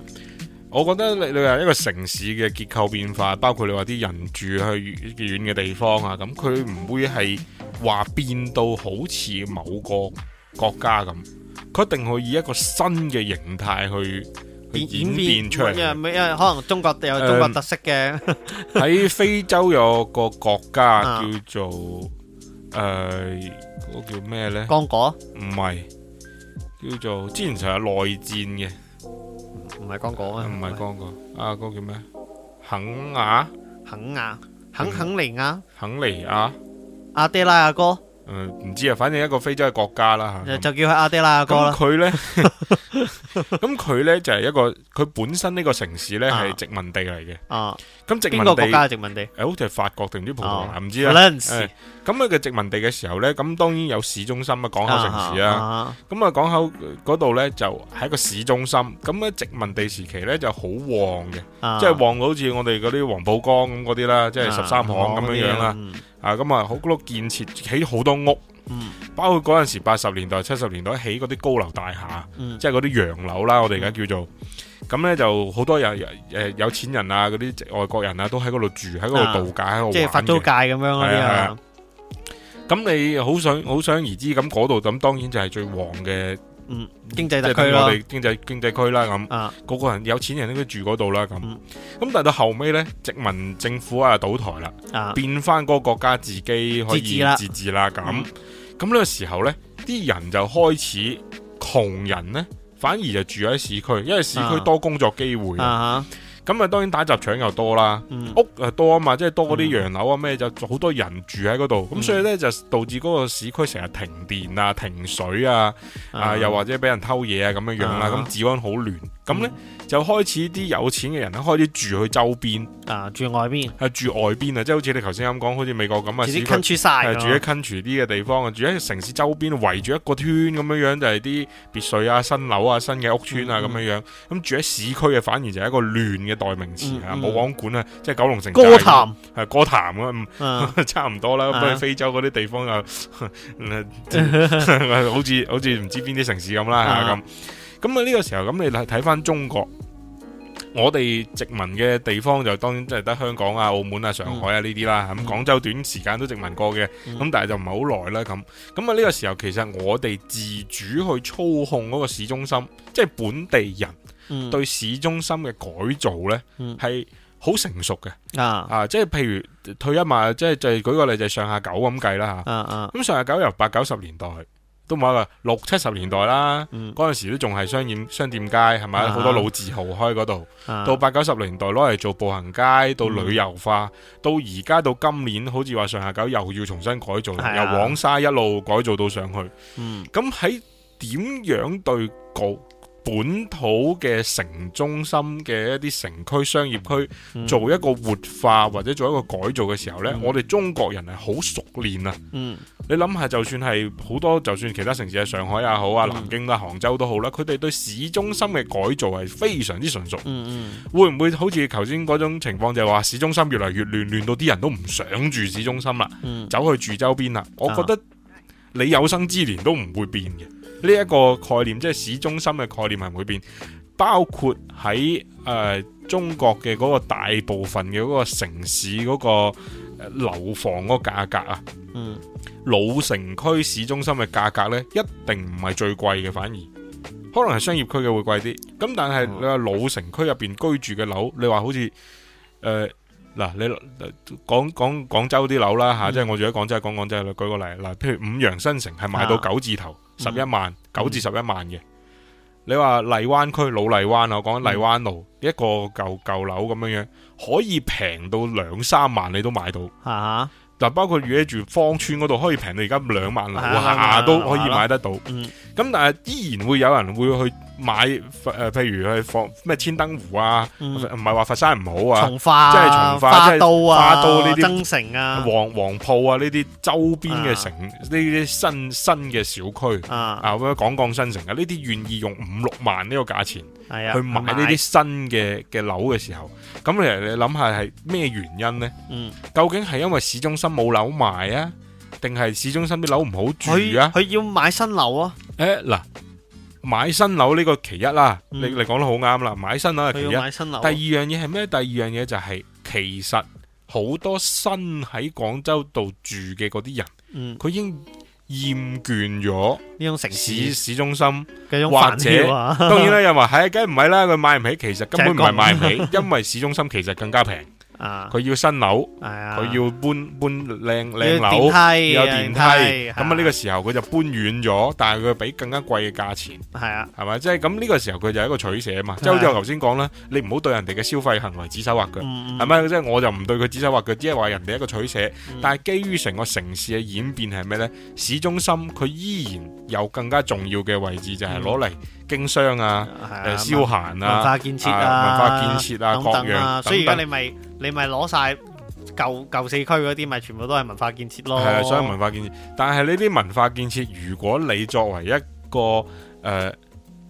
我覺得你你話一個城市嘅結構變化，包括你話啲人住去遠嘅地方啊，咁佢唔會係。話變到好似某個國家咁，佢一定會以一個新嘅形態去去演變出嚟。因為可能中國有中國特色嘅。喺非洲有個國家叫做誒，嗰叫咩咧？剛果唔係，叫做之前成日內戰嘅，唔係剛果啊，唔係剛果啊，嗰叫咩？肯雅，肯雅，肯肯尼亞，肯尼亞。阿爹拉阿哥。嗯，唔知啊，反正一個非洲嘅國家啦吓。就叫佢阿爹拉阿哥。佢呢，咁佢 呢，就係、是、一個，佢本身呢個城市呢，係、啊、殖民地嚟嘅。啊。咁殖民地邊個國家嘅殖民地？誒，好似係法國定啲葡萄牙，唔知啦。咁樣嘅殖民地嘅時候咧，咁當然有市中心啊，港口城市啊。咁啊，港口嗰度咧就係個市中心。咁咧殖民地時期咧就好旺嘅，即係旺到好似我哋嗰啲黃浦江咁嗰啲啦，即係十三行咁樣樣啦。啊，咁啊好咁多建設起好多屋，包括嗰陣時八十年代、七十年代起嗰啲高樓大廈，即係嗰啲洋樓啦，我哋而家叫做。咁咧就好多人誒，有錢人啊，嗰啲外國人啊，都喺嗰度住，喺嗰度度假，喺度即係法租界咁樣啲啊。咁你好想好想而知，咁嗰度咁當然就係最旺嘅，嗯，經濟特區咯，我哋經濟經濟區啦咁。嗰、啊、個人有錢人應該住嗰度啦咁。咁、嗯、但係到後尾咧，殖民政府啊倒台啦，啊、變翻嗰個國家自己可以自治啦，咁咁呢個時候咧，啲人就開始窮人咧。反而就住喺市區，因為市區多工作機會。啊啊咁啊，當然打雜場又多啦，屋啊多啊嘛，即係多嗰啲洋樓啊咩就好多人住喺嗰度，咁所以咧就導致嗰個市區成日停電啊、停水啊，啊又或者俾人偷嘢啊咁樣樣啦，咁治安好亂。咁咧就開始啲有錢嘅人咧開始住去周邊啊，住外邊，係住外邊啊，即係好似你頭先咁講，好似美國咁啊，住喺住喺啲嘅地方啊，住喺城市周邊圍住一個圈咁樣樣，就係啲別墅啊、新樓啊、新嘅屋村啊咁樣樣。咁住喺市區啊，反而就係一個亂嘅。代名詞啊，冇王管啊，嗯嗯、即係九龍城寨、就是，係哥譚啊，嗯、 差唔多啦。不過、啊、非洲嗰啲地方又、啊 嗯， 好似好似唔知邊啲城市咁、啊、啦，咁咁啊呢、啊、個時候咁你睇翻中國，我哋殖民嘅地方就當然即係得香港啊、澳門啊、上海啊呢啲啦。咁廣、嗯、州短時間都殖民過嘅，咁、嗯、但係就唔係好耐啦。咁咁啊呢個時候，其實我哋自主去操控嗰個市中心，即、就、係、是、本地人。對市中心嘅改造呢係好成熟嘅啊，即係譬如退一萬，即係就係舉個例，就上下九咁計啦。咁上下九由八九十年代，都冇係六七十年代啦，嗰陣時都仲係商店，商店街，係咪？好多老字號開嗰度，到八九十年代攞嚟做步行街，到旅遊化，到而家到今年，好似話上下九又要重新改造，由黃沙一路改造到上去。咁喺點樣對局？本土嘅城中心嘅一啲城區商業區做一個活化或者做一個改造嘅時候咧，嗯、我哋中國人係好熟練啊！嗯，你諗下，就算係好多，就算其他城市喺上海也好啊，南京啦、嗯、杭州都好啦，佢哋對市中心嘅改造係非常之純熟。嗯嗯，唔、嗯、會，會好似頭先嗰種情況就係話市中心越嚟越亂，亂到啲人都唔想住市中心啦，嗯、走去住周邊啦？我覺得、啊。你有生之年都唔會變嘅，呢、這、一個概念即係市中心嘅概念係唔會變，包括喺誒、呃、中國嘅嗰個大部分嘅嗰個城市嗰個誒樓房嗰個價格啊，嗯，老城區市中心嘅價格呢，一定唔係最貴嘅，反而可能係商業區嘅會貴啲。咁但係你話老城區入邊居住嘅樓，你話好似誒。呃嗱，你講講廣州啲樓啦嚇，即係、嗯、我住喺廣州講廣州啦。舉個例，嗱，譬如五羊新城係買到九字頭十一、啊、萬，九至十一萬嘅。嗯、你話荔灣區老荔灣啊，我講緊荔灣路、嗯、一個舊舊樓咁樣樣，可以平到兩三萬你都買到。嚇、啊！嗱，包括越越住喺住芳村嗰度，可以平到而家兩萬樓、啊、下都可以買得到。嗯。咁但係依然會有人會去。買誒，譬如去房咩千燈湖啊，唔唔係話佛山唔好啊，即係從化、花都啊、增城啊、黃黃埔啊呢啲周邊嘅城，呢啲新新嘅小區啊，啊，咩廣廣新城啊，呢啲願意用五六萬呢個價錢去買呢啲新嘅嘅樓嘅時候，咁你你諗下係咩原因咧？嗯，究竟係因為市中心冇樓賣啊，定係市中心啲樓唔好住啊？佢要買新樓啊？誒，嗱。買新樓呢個其一啦，嗯、你你講得好啱啦，買新樓係其一。買新第二樣嘢係咩？第二樣嘢就係、係、其實好多新喺廣州度住嘅嗰啲人，佢、嗯、已經厭倦咗呢種城市市，市中心，啊、或者當然，了因為當然啦，有人話係啊，梗唔係啦，佢買唔起。其實根本唔係買唔起，因為市中心其實更加平。啊！佢要新樓，佢、啊、要搬搬靚靚樓，有電梯咁啊！呢個時候佢就搬遠咗，但係佢俾更加貴嘅價錢，係啊，係咪？即係咁呢個時候佢就係一個取捨啊嘛！啊即係好似我頭先講啦，你唔好對人哋嘅消費行為指手畫腳，係咪、嗯？即係、就是、我就唔對佢指手畫腳，只係話人哋一個取捨，嗯、但係基於成個城市嘅演變係咩咧？市中心佢依然有更加重要嘅位置，就係攞嚟。嗯經商啊，消閒啊，文化建設啊，文化建設啊，等等，所以而家你咪你咪攞晒舊舊四區嗰啲，咪全部都係文化建設咯。係啊，所以文化建設，但係呢啲文化建設，如果你作為一個誒、呃，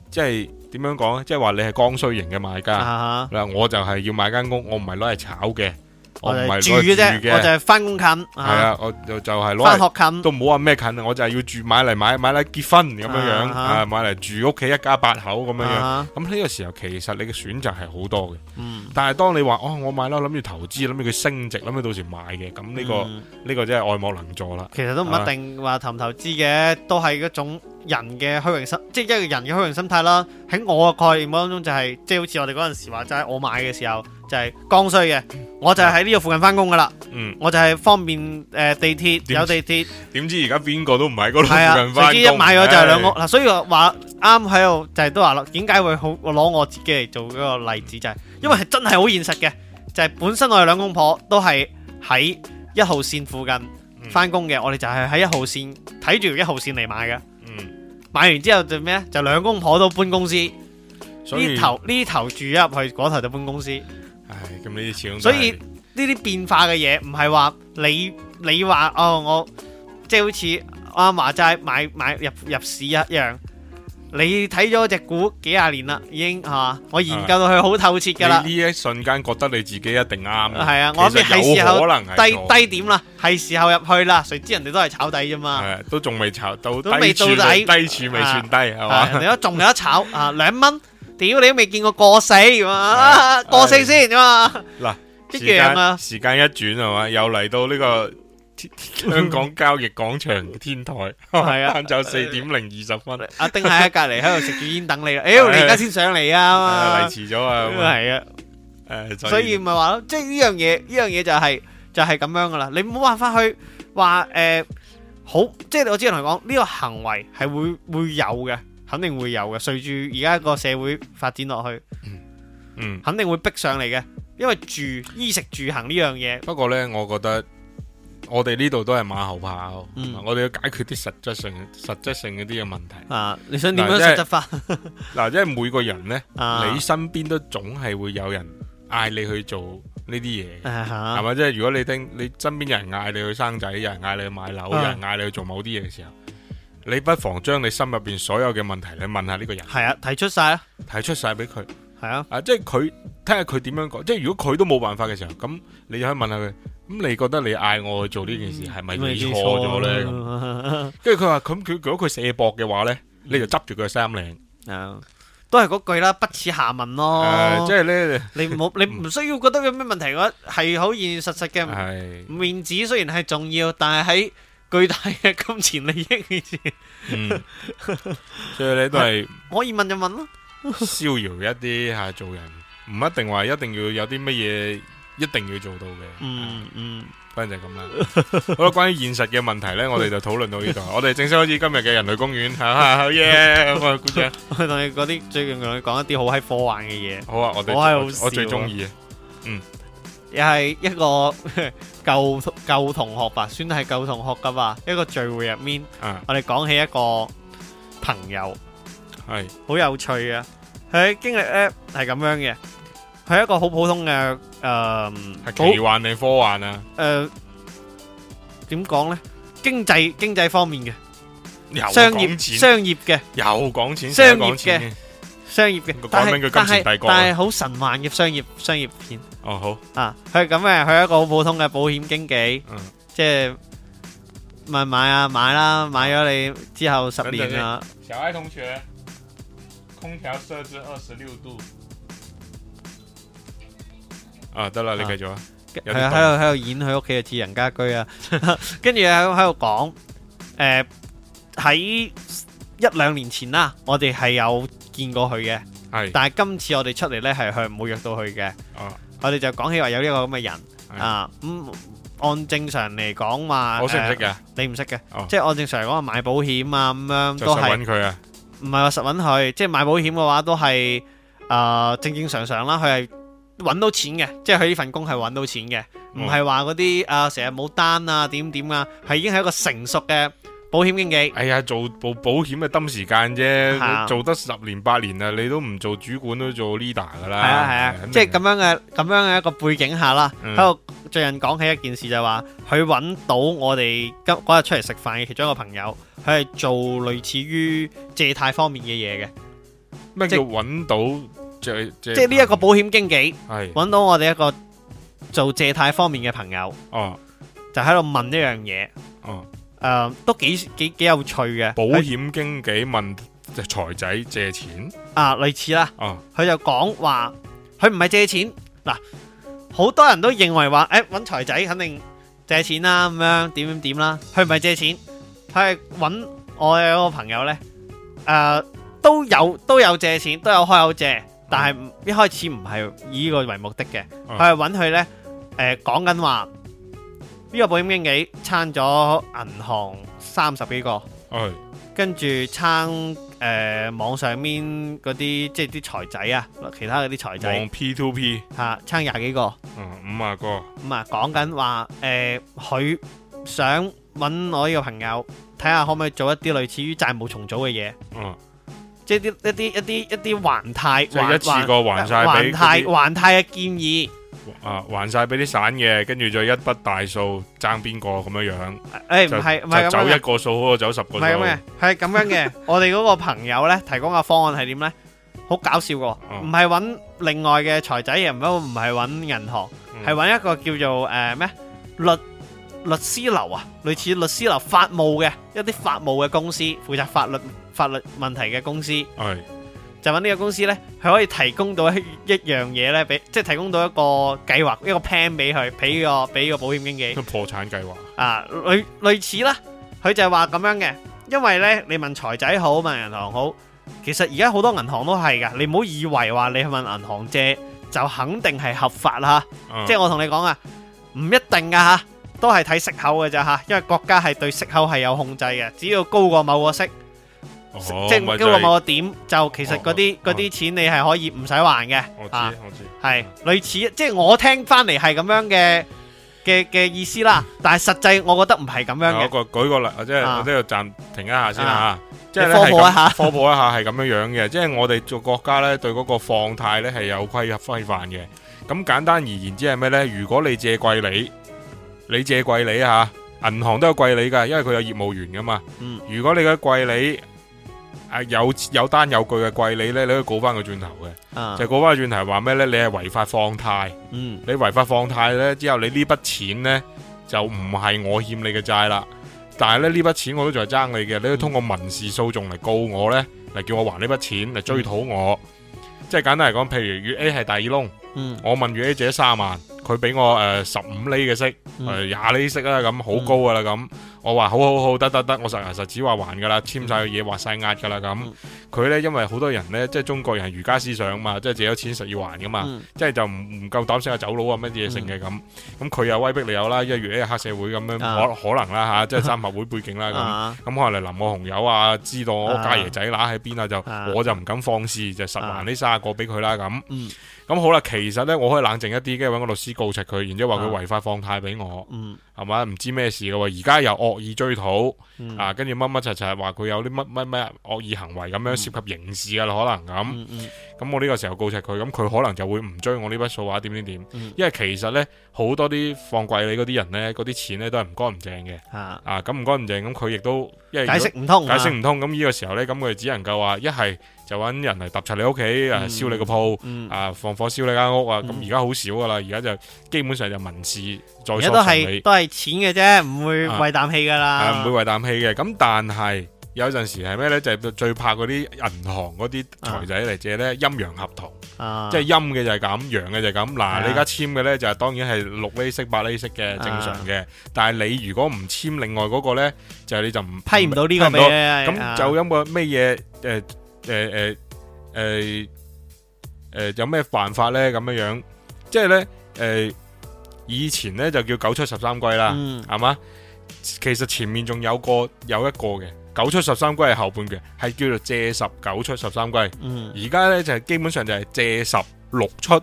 即係點樣講咧，即係話你係剛需型嘅、啊、哈買家嗱，我就係要買間屋，我唔係攞嚟炒嘅。我唔係住嘅啫，我就係翻工近係啊，哈啊，我就係攞翻學近都唔好話咩近啊，我就係要住，買嚟買，買嚟結婚咁樣樣，買嚟住屋企一家八口咁樣樣。咁呢、啊、哈個時候其實你嘅選擇係好多嘅。嗯、但係當你話哦，我買啦，諗住投資，諗住佢升值，諗住到時買嘅，咁呢、這個呢、嗯、個真係愛莫能助啦。其實都唔一定話投唔投資嘅，都係一種人嘅虛榮心，即係一個人嘅虛榮心態啦。喺我嘅概念當中就係，即係好似我哋嗰陣時話，就係、是、我買嘅時候。我買的時候就係剛需嘅，嗯、我就係喺呢度附近翻工噶啦，嗯、我就係方便誒地鐵，嗯、有地鐵，點知而家邊個都唔喺嗰度附近翻工啊，自己一買咗就係兩個嗱，嘿所以話啱喺度就係都話咯，點解會好我攞我自己嚟做一個例子，就係，就係因為係真係好現實嘅，就係、係、本身我哋兩公婆都係喺一號線附近翻工嘅，嗯、我哋就係喺一號線睇住一號線嚟買嘅，嗯、買完之後就咩就兩公婆都搬公司，呢以頭呢頭住入去，嗰頭就搬公司。唉，咁呢啲錢，所以呢啲變化嘅嘢唔係話你你話哦，我即係好似阿華就係買買入入市一樣，你睇咗隻股幾廿年啦，已經吓、啊，我研究到佢好透徹噶啦。呢、啊、一瞬間覺得你自己一定啱，係啊，啊其實有可能是低低點啦，係時候入去啦。誰知人哋都係炒底啫嘛、啊，都仲未炒到，都未到底。低處未算低係嘛？仲有得炒啊兩蚊。 屌，你都未見過過世嘛？過世先嘛？嗱，時間時間一轉係嘛？又嚟到呢個香港交易廣場天台，係啊，晏晝四點零二十分。阿丁喺喺隔籬喺度食住煙等你啦。屌，你而家先上嚟啊嘛？嚟遲咗啊，係啊，誒，所以咪話咯，即係呢樣嘢，呢樣嘢就係就係咁樣噶啦。你冇辦法去話誒好，即係我之前同你講，呢個行為係會會有嘅。肯定會有嘅，隨住而家個社會發展落去嗯，嗯，肯定會逼上嚟嘅，因為住衣食住行呢樣嘢。不過呢，我覺得我哋呢度都係馬後炮，嗯、我哋要解決啲實質性、實質性嗰啲嘅問題。啊，你想點樣實質法？嗱，即係每個人呢，啊、你身邊都總係會有人嗌你去做呢啲嘢，係咪、啊？即係、就是、如果你聽你身邊有人嗌你去生仔，有人嗌你去買樓，啊、有人嗌你去做某啲嘢嘅時候。你不妨將你心入邊所有嘅問題，你問下呢個人。係啊，提出晒啊，提出晒俾佢。係啊，啊，即係佢聽下佢點樣講。即係如果佢都冇辦法嘅時候，咁你可以問下佢。咁你覺得你嗌我去做呢件事，係咪你錯咗咧？咁，跟住佢話咁，佢如果佢卸膊嘅話咧，你就執住佢嘅衫領。啊，都係嗰句啦，不恥下問咯。誒，即係咧，你冇，你唔需要覺得有咩問題嘅，係好現實實嘅。係面子雖然係重要，但係喺。巨大嘅金錢利益先，所以你都係可以問就問咯。逍遙一啲吓，做人唔一定話一定要有啲乜嘢，一定要做到嘅。嗯嗯，反正就咁啦。好啦，關於現實嘅問題咧，我哋就討論到呢度。我哋正式開始今日嘅人類公園吓，好嘢！我古仔，我同你嗰啲最近同你講一啲好喺科幻嘅嘢。好啊，我我係好，我最中意。嗯。又係一個舊舊同學吧，算係舊同學噶吧。一個聚會入面，我哋講起一個朋友，係好有趣嘅。佢經歷咧係咁樣嘅，佢係一個好普通嘅誒，係奇幻定科幻啊？誒，點講呢？經濟經濟方面嘅，商業商業嘅，又講錢，商業嘅。商業嘅，但係但係但係好神幻嘅商業商業片哦。好啊，佢咁嘅，佢係一個好普通嘅保險經紀，即係咪買啊買啦，買咗你之後十年啦。小愛同學，空調設置二十六度啊，得啦，你繼續啊。佢喺度喺度演佢屋企嘅智能家居啊，跟住喺，喺度講，誒喺一兩年前啦，我哋係有。見過佢嘅，是但係今次我哋出嚟呢，係佢唔會約到佢嘅，哦、我哋就講起話有呢個咁嘅人是啊，咁、嗯、按正常嚟講話，呃、我識唔識嘅？你唔識嘅，哦、即係按正常嚟講話買保險啊咁樣都係揾佢啊，唔係話實揾佢，即係買保險嘅話都係啊、呃、正正常常啦，佢係揾到錢嘅，即係佢呢份工係揾到錢嘅，唔係話嗰啲啊成日冇單啊點點啊，係已經係一個成熟嘅。保險經紀，哎呀，做保保險嘅抌時間啫，啊、做得十年八年啦，你都唔做主管都做 leader 噶啦。係啊係啊，啊啊即係咁樣嘅咁樣嘅一個背景下啦，喺度最近講起一件事就係話，佢揾到我哋今嗰日出嚟食飯嘅其中一個朋友，佢係做類似於借貸方面嘅嘢嘅。咩叫揾到借？即係呢一個保險經紀，揾、嗯、到我哋一個做借貸方面嘅朋友。哦、啊，就喺度問呢樣嘢。哦、啊。誒，都幾幾幾有趣嘅。保險經紀問財仔借錢啊，類似啦。啊，佢就講話，佢唔係借錢。嗱，好多人都認為話，誒，搵財仔肯定借錢啦，咁樣點點點啦。佢唔係借錢，佢係搵我有一個朋友咧，誒，都有都有借錢，都有開口借，但係一開始唔係以呢個為目的嘅。佢係搵佢咧，誒，講緊話。呢個保險經紀撐咗銀行三十幾個，係、哎、跟住撐誒網上面嗰啲即係啲財仔啊，其他嗰啲財仔。網 P2P 吓，撐廿幾個，嗯五廿個。咁啊，講緊話誒，佢想搵我呢個朋友睇下可唔可以做一啲類似於債務重組嘅嘢，嗯，即係啲一啲一啲一啲還貸還一次過還晒還貸還貸嘅建議。啊，還晒俾啲散嘅，跟住再一筆大數爭邊個咁樣樣？誒，唔係唔係咁，就走一個數好過走十個數。係咁樣嘅，我哋嗰個朋友呢，提供個方案係點呢？好搞笑嘅，唔係搵另外嘅財仔啊，唔好唔係搵銀行，係搵一個叫做誒咩律律師樓啊，類似律師樓法務嘅一啲法務嘅公司，負責法律法律問題嘅公司。係。就搵呢個公司咧，佢可以提供到一一樣嘢咧，俾即係提供到一個計劃，一個 plan 俾佢，俾個俾個保險經紀。破產計劃啊，類類似啦，佢就係話咁樣嘅。因為咧，你問財仔好，問銀行好，其實而家好多銀行都係噶。你唔好以為話你去問銀行借就肯定係合法啦，吓。即係我同你講啊，唔一定噶吓，都係睇息口嘅咋吓。因為國家係對息口係有控制嘅，只要高過某個息。即係叫做某個點，就其實嗰啲嗰啲錢你係可以唔使還嘅。我知我知，係類似即係我聽翻嚟係咁樣嘅嘅嘅意思啦。但係實際我覺得唔係咁樣嘅。我舉個例，即係我都要暫停一下先吓。即係科普一下，科普一下係咁樣樣嘅。即係我哋做國家咧，對嗰個放貸咧係有規約規範嘅。咁簡單而言之係咩咧？如果你借貴利，你借貴利吓，銀行都有貴利噶，因為佢有業務員噶嘛。嗯，如果你嘅貴利。誒、啊，有有單有據嘅貴利咧，你都告翻個轉頭嘅，就告翻個轉頭話咩咧？你係違法放貸，你違法放貸咧之後，你呢筆錢咧就唔係我欠你嘅債啦。但係咧呢筆錢我都仲係爭你嘅，你都通過民事訴訟嚟告我咧嚟叫我還呢筆錢嚟追討我。嗯、即係簡單嚟講，譬如粵 A 係大耳窿，嗯、我問粵 A 借三萬。佢俾我誒十五厘嘅息，誒廿厘息啦、啊，咁好、嗯、高噶啦咁。嗯、我話好好好，得得得，我實牙實齒話還噶啦，簽晒嘢，畫晒押噶啦咁。佢咧、嗯嗯、因為好多人咧，即係中國人係儒家思想啊嘛，即係借咗有錢實要還噶嘛，嗯、即係就唔唔夠膽識下走佬啊乜嘢剩嘅咁。咁佢、嗯嗯、又威逼利誘啦，一月一日黑社會咁樣可、啊、可能啦嚇，即係、就是、三合會背景啦咁。咁、啊、可能嚟揾我紅友啊，知道我家爺仔乸喺邊啊，就我就唔敢放肆，就十萬呢卅個俾佢啦咁。咁好啦，其實咧我可以冷靜一啲嘅，搵個律師告出佢，然之後話佢違法放貸俾我。啊嗯係嘛？唔知咩事嘅，而家又惡意追討，啊，跟住乜乜柒柒，話佢有啲乜乜乜惡意行為咁樣涉及刑事噶啦，可能咁。咁我呢個時候告實佢，咁佢可能就會唔追我呢筆數啊，點點點。因為其實呢，好多啲放貴你嗰啲人呢，嗰啲錢呢都係唔乾唔淨嘅。啊，咁唔乾唔淨，咁佢亦都因為解釋唔通，解釋唔通。咁呢個時候呢，咁佢就只能夠話一係就揾人嚟揼拆你屋企，啊燒你個鋪，啊放火燒你間屋啊。咁而家好少噶啦，而家就基本上就民事在所錢嘅啫，唔會為啖氣噶啦，唔會為啖氣嘅。咁但係有陣時係咩咧？就最怕嗰啲銀行嗰啲財仔嚟借咧，陰陽合同，即係陰嘅就係咁，陽嘅就係咁。嗱，你而家簽嘅咧就係當然係六厘息、八厘息嘅正常嘅。但係你如果唔簽另外嗰個咧，就係你就唔批唔到呢個咁就有個咩嘢誒誒誒誒誒有咩犯法咧？咁樣樣即係咧誒。以前咧就叫九出十三歸啦，係嘛、嗯？其實前面仲有個有一個嘅九出十三歸係後半嘅，係叫做借十九出十三歸。而家咧就係基本上就係借十六出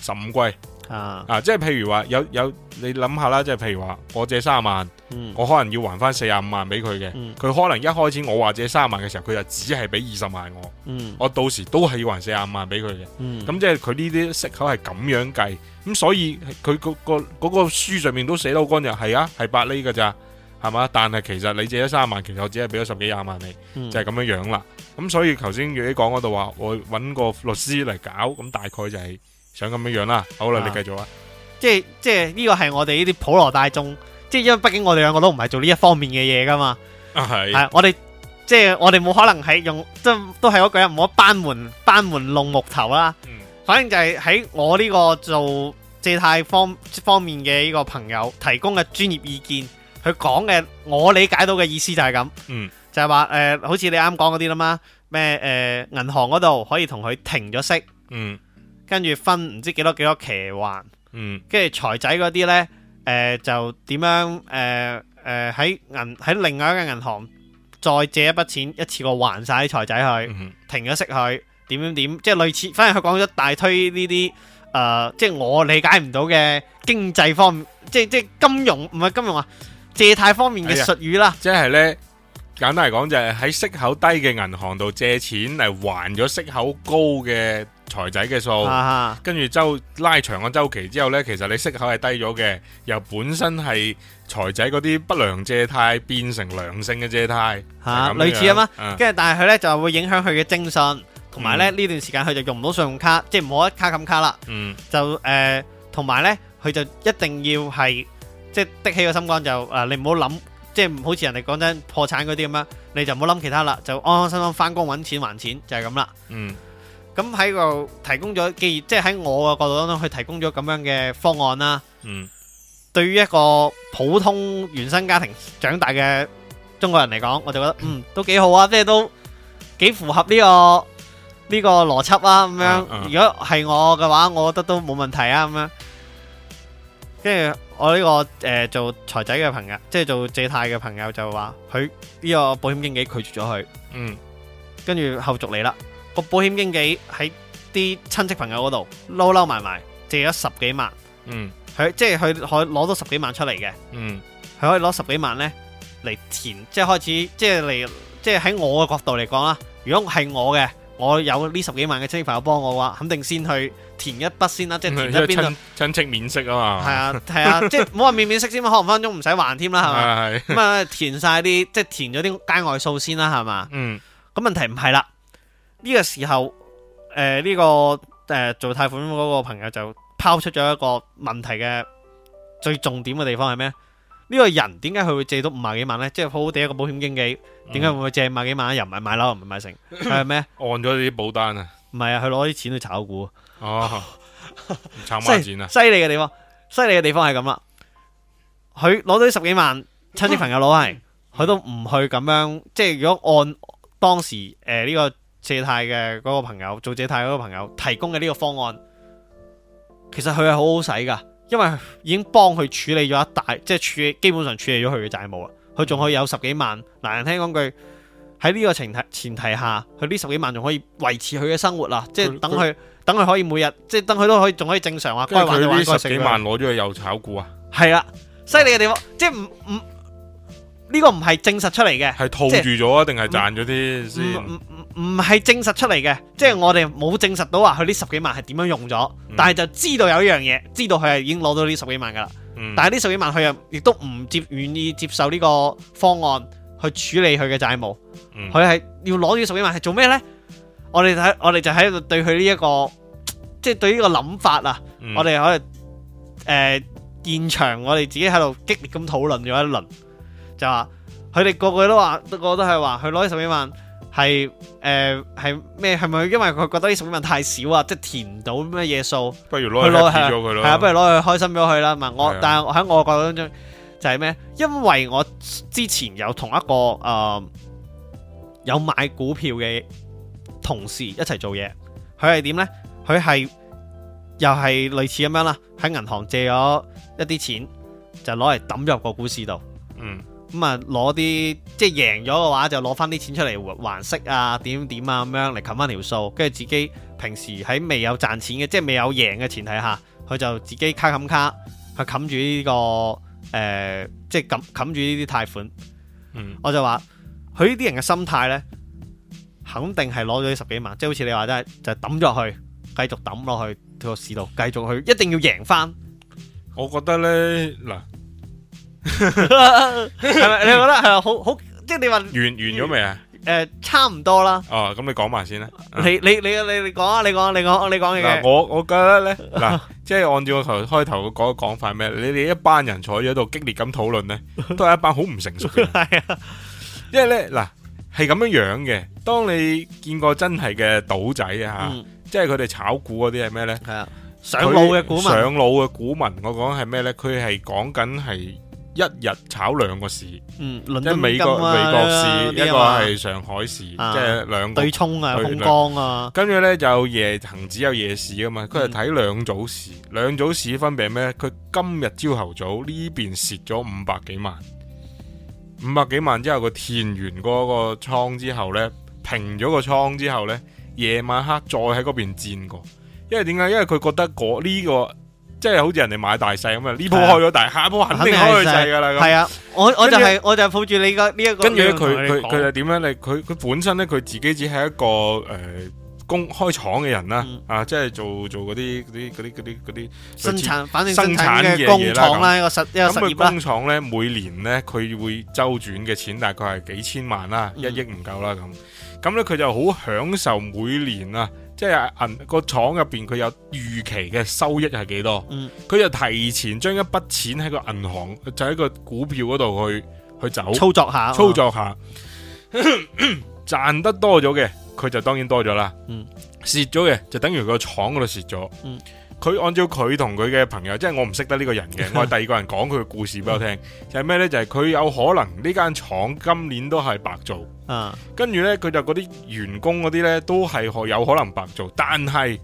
十五歸。啊,啊，即係譬如話有有，你諗下啦，即係譬如話我借三十萬，嗯、我可能要還翻四十五萬俾佢嘅，佢、嗯、可能一開始我話借三十萬嘅時候，佢就只係俾二十萬我，嗯、我到時都係要還四十五萬俾佢嘅，咁、嗯、即係佢呢啲息口係咁樣計，咁所以佢、那個個嗰、那個書上面都寫到乾淨，係啊，係八厘㗎咋，係嘛？但係其實你借咗三十萬，其實我只係俾咗十幾廿萬你，嗯、就係咁樣樣啦。咁所以頭先月你講嗰度話，我搵個律師嚟搞，咁大概就係、是。想咁嘅樣啦，好啦，嗯、你繼續啊。即係即係呢個係我哋呢啲普羅大眾，即係因為畢竟我哋兩個都唔係做呢一方面嘅嘢噶嘛。係、啊，係我哋即係我哋冇可能係用，即都都係嗰句唔好班門班門弄木頭啦。反正、嗯、就係喺我呢個做借貸方方面嘅呢個朋友提供嘅專業意見，佢講嘅我理解到嘅意思就係咁。嗯，就係話誒，好似你啱講嗰啲啦嘛，咩誒銀行嗰度可以同佢停咗息。嗯。跟住分唔知幾多幾多期還，嗯，跟住財仔嗰啲呢，誒、呃、就點樣誒誒喺銀喺另外一個銀行再借一筆錢，一次過還晒啲財仔去，嗯、哼停咗息去，點樣點，即係類似。反而佢講咗大堆呢啲誒，即係我理解唔到嘅經濟方面，即係即係金融唔係金融啊，借貸方面嘅術語啦。即係、哎就是、呢，簡單嚟講就係喺息口低嘅銀行度借錢嚟還咗息口高嘅。財仔嘅數，跟住周拉長個周期之後呢，其實你息口係低咗嘅，由本身係財仔嗰啲不良借貸變成良性嘅借貸，吓、啊、類似啊嘛。跟住、啊、但係佢呢就會影響佢嘅徵信，同埋咧呢、嗯、呢段時間佢就用唔到信用卡，即係唔可以卡冚卡啦。嗯，就誒、同、呃、埋呢，佢就一定要係即係的起個心肝，就誒、是、你唔好諗，即係好似人哋講真破產嗰啲咁樣，你就唔好諗其他啦，就安安心心翻工揾錢還錢就係咁啦。嗯。咁喺度提供咗，既然即係喺我嘅角度當中，佢提供咗咁樣嘅方案啦。嗯，對於一個普通原生家庭長大嘅中國人嚟講，我就覺得嗯都幾好啊，即係都幾符合呢個呢個邏輯啦。咁樣，嗯嗯如果係我嘅話，我覺得都冇問題啊。咁樣，跟住我呢個誒做財仔嘅朋友，即係做借貸嘅朋友就話佢呢個保險經紀拒絕咗佢。嗯，跟住後續嚟啦。個保險經紀喺啲親戚朋友嗰度撈撈埋埋借咗十幾萬，佢、嗯、即係佢可以攞到十幾萬出嚟嘅，佢、嗯、可以攞十幾萬咧嚟填，即係開始，即係嚟，即係喺我嘅角度嚟講啦。如果係我嘅，我有呢十幾萬嘅親戚朋友幫我嘅話，肯定先去填一筆先啦，即係填一邊度親戚免息啊嘛。係啊係啊，啊 即係唔好話免免息先嘛，可能分鐘唔使還添啦，係咪？咁啊，填晒啲即係填咗啲街外數先啦，係嘛。咁問題唔係啦。呢個時候，誒、呃、呢、這個誒、呃、做貸款嗰個朋友就拋出咗一個問題嘅最重點嘅地方係咩？呢、這個人點解佢會借到五萬幾萬呢？即係好好地一個保險經紀，點解會借五萬幾萬？又唔係買樓，又唔係買成係咩？按咗啲保單啊？唔係啊，佢攞啲錢去炒股。哦，炒孖展啊！犀利嘅地方，犀利嘅地方係咁啦。佢攞到十幾萬親戚朋友攞係，佢、啊、都唔去咁樣。即係如果按當時誒呢、呃這個。借貸嘅嗰個朋友，做借貸嗰個朋友提供嘅呢個方案，其實佢係好好使噶，因為已經幫佢處理咗一大，即係處理，基本上處理咗佢嘅債務啦。佢仲可以有十幾萬，嗱，人聽講句喺呢個前提前提下，佢呢十幾萬仲可以維持佢嘅生活啦，即係等佢等佢可以每日，即係等佢都可以仲可以正常啊，規劃佢呢個十幾萬攞咗去又炒股啊，係啦，犀利嘅地方，即係唔唔呢個唔係證實出嚟嘅，係套住咗啊，定係賺咗啲先。唔係證實出嚟嘅，即係我哋冇證實到話佢呢十幾萬係點樣用咗，嗯、但係就知道有一樣嘢，知道佢係已經攞到呢十幾萬噶啦。嗯、但係呢十幾萬佢又亦都唔接願意接受呢個方案去處理佢嘅債務，佢係、嗯、要攞呢十幾萬係做咩呢？我哋喺我哋就喺度對佢呢一個，即、就、係、係、對呢個諗法啊，嗯、我哋喺誒現場，我哋自己喺度激烈咁討論咗一輪，就話佢哋個個都話，個個都係話佢攞呢十幾萬。係誒，係咩？係、呃、咪因為佢覺得呢十幾萬太少啊，即係填唔到咩嘢數？不如攞嚟賠咗佢咯。係啊，不如攞去開心咗佢啦。唔係我，是啊、但係喺我角度當中就係咩？因為我之前有同一個誒、呃、有買股票嘅同事一齊做嘢，佢係點咧？佢係又係類似咁樣啦，喺銀行借咗一啲錢，就攞嚟抌入個股市度。咁啊，攞啲即係贏咗嘅話，就攞翻啲錢出嚟還息啊，點點啊咁樣嚟冚翻條數，跟住自己平時喺未有賺錢嘅，即係未有贏嘅前提下，佢就自己卡冚卡，卡，去冚住呢、這個誒、呃，即係冚冚住呢啲貸款。嗯，我就話佢呢啲人嘅心態呢，肯定係攞咗呢十幾萬，即係好似你話齋，就抌、是、咗去，繼續抌落去，跳個市度繼續去，一定要贏翻。我覺得呢。嗱。係咪？你覺得係啊？好好，即係你話完完咗未啊？誒，差唔多啦。哦，咁你講埋先啦。你你你你你講啊！你講啊！你講，你講嘅。嗱，我我覺得咧，嗱，即係按照我頭開頭講嘅講法咩？你哋一班人坐喺度激烈咁討論咧，都係一班好唔成熟嘅。係啊，因為咧，嗱，係咁樣樣嘅。當你見過真係嘅賭仔啊，即係佢哋炒股嗰啲係咩咧？係啊，上腦嘅股民，上腦嘅股民。我講係咩咧？佢係講緊係。一日炒兩個市，嗯、即美國、啊、美國市，一個係上海市，啊、即係兩個對沖啊，去空降啊。跟住呢，就夜行只有夜市啊嘛，佢係睇兩組市，兩組、嗯、市分別咩？佢今日朝頭早呢邊蝕咗五百幾萬，五百幾萬之後佢填完嗰個倉之後呢，平咗個倉之後呢，夜晚黑再喺嗰邊戰過。因為點解？因為佢覺得呢、這個。即係好似人哋買大細咁啊！呢鋪開咗大，下一鋪肯定開細㗎啦。係啊，我我就係我就抱住你個呢一個。跟住咧，佢佢佢就點樣咧？佢佢本身咧，佢自己只係一個誒工開廠嘅人啦。啊，即係做做嗰啲嗰啲嗰啲嗰啲啲生產，反正生產嘅工廠啦，一個實一個實業啦。咁嘅工廠咧，每年咧佢會周轉嘅錢大概係幾千萬啦，一億唔夠啦咁。咁咧佢就好享受每年啊。即係銀個廠入邊，佢有預期嘅收益係幾多？佢、嗯、就提前將一筆錢喺個銀行就喺個股票嗰度去去走操作下，嗯、操作下賺、哦、得多咗嘅，佢就當然多咗啦。蝕咗嘅就等於個廠嗰度蝕咗。嗯佢按照佢同佢嘅朋友，即係我唔識得呢個人嘅，我係第二個人講佢嘅故事俾我聽， 就係咩呢？就係、是、佢有可能呢間廠今年都係白做， 跟住呢，佢就嗰啲員工嗰啲呢，都係有可能白做，但係。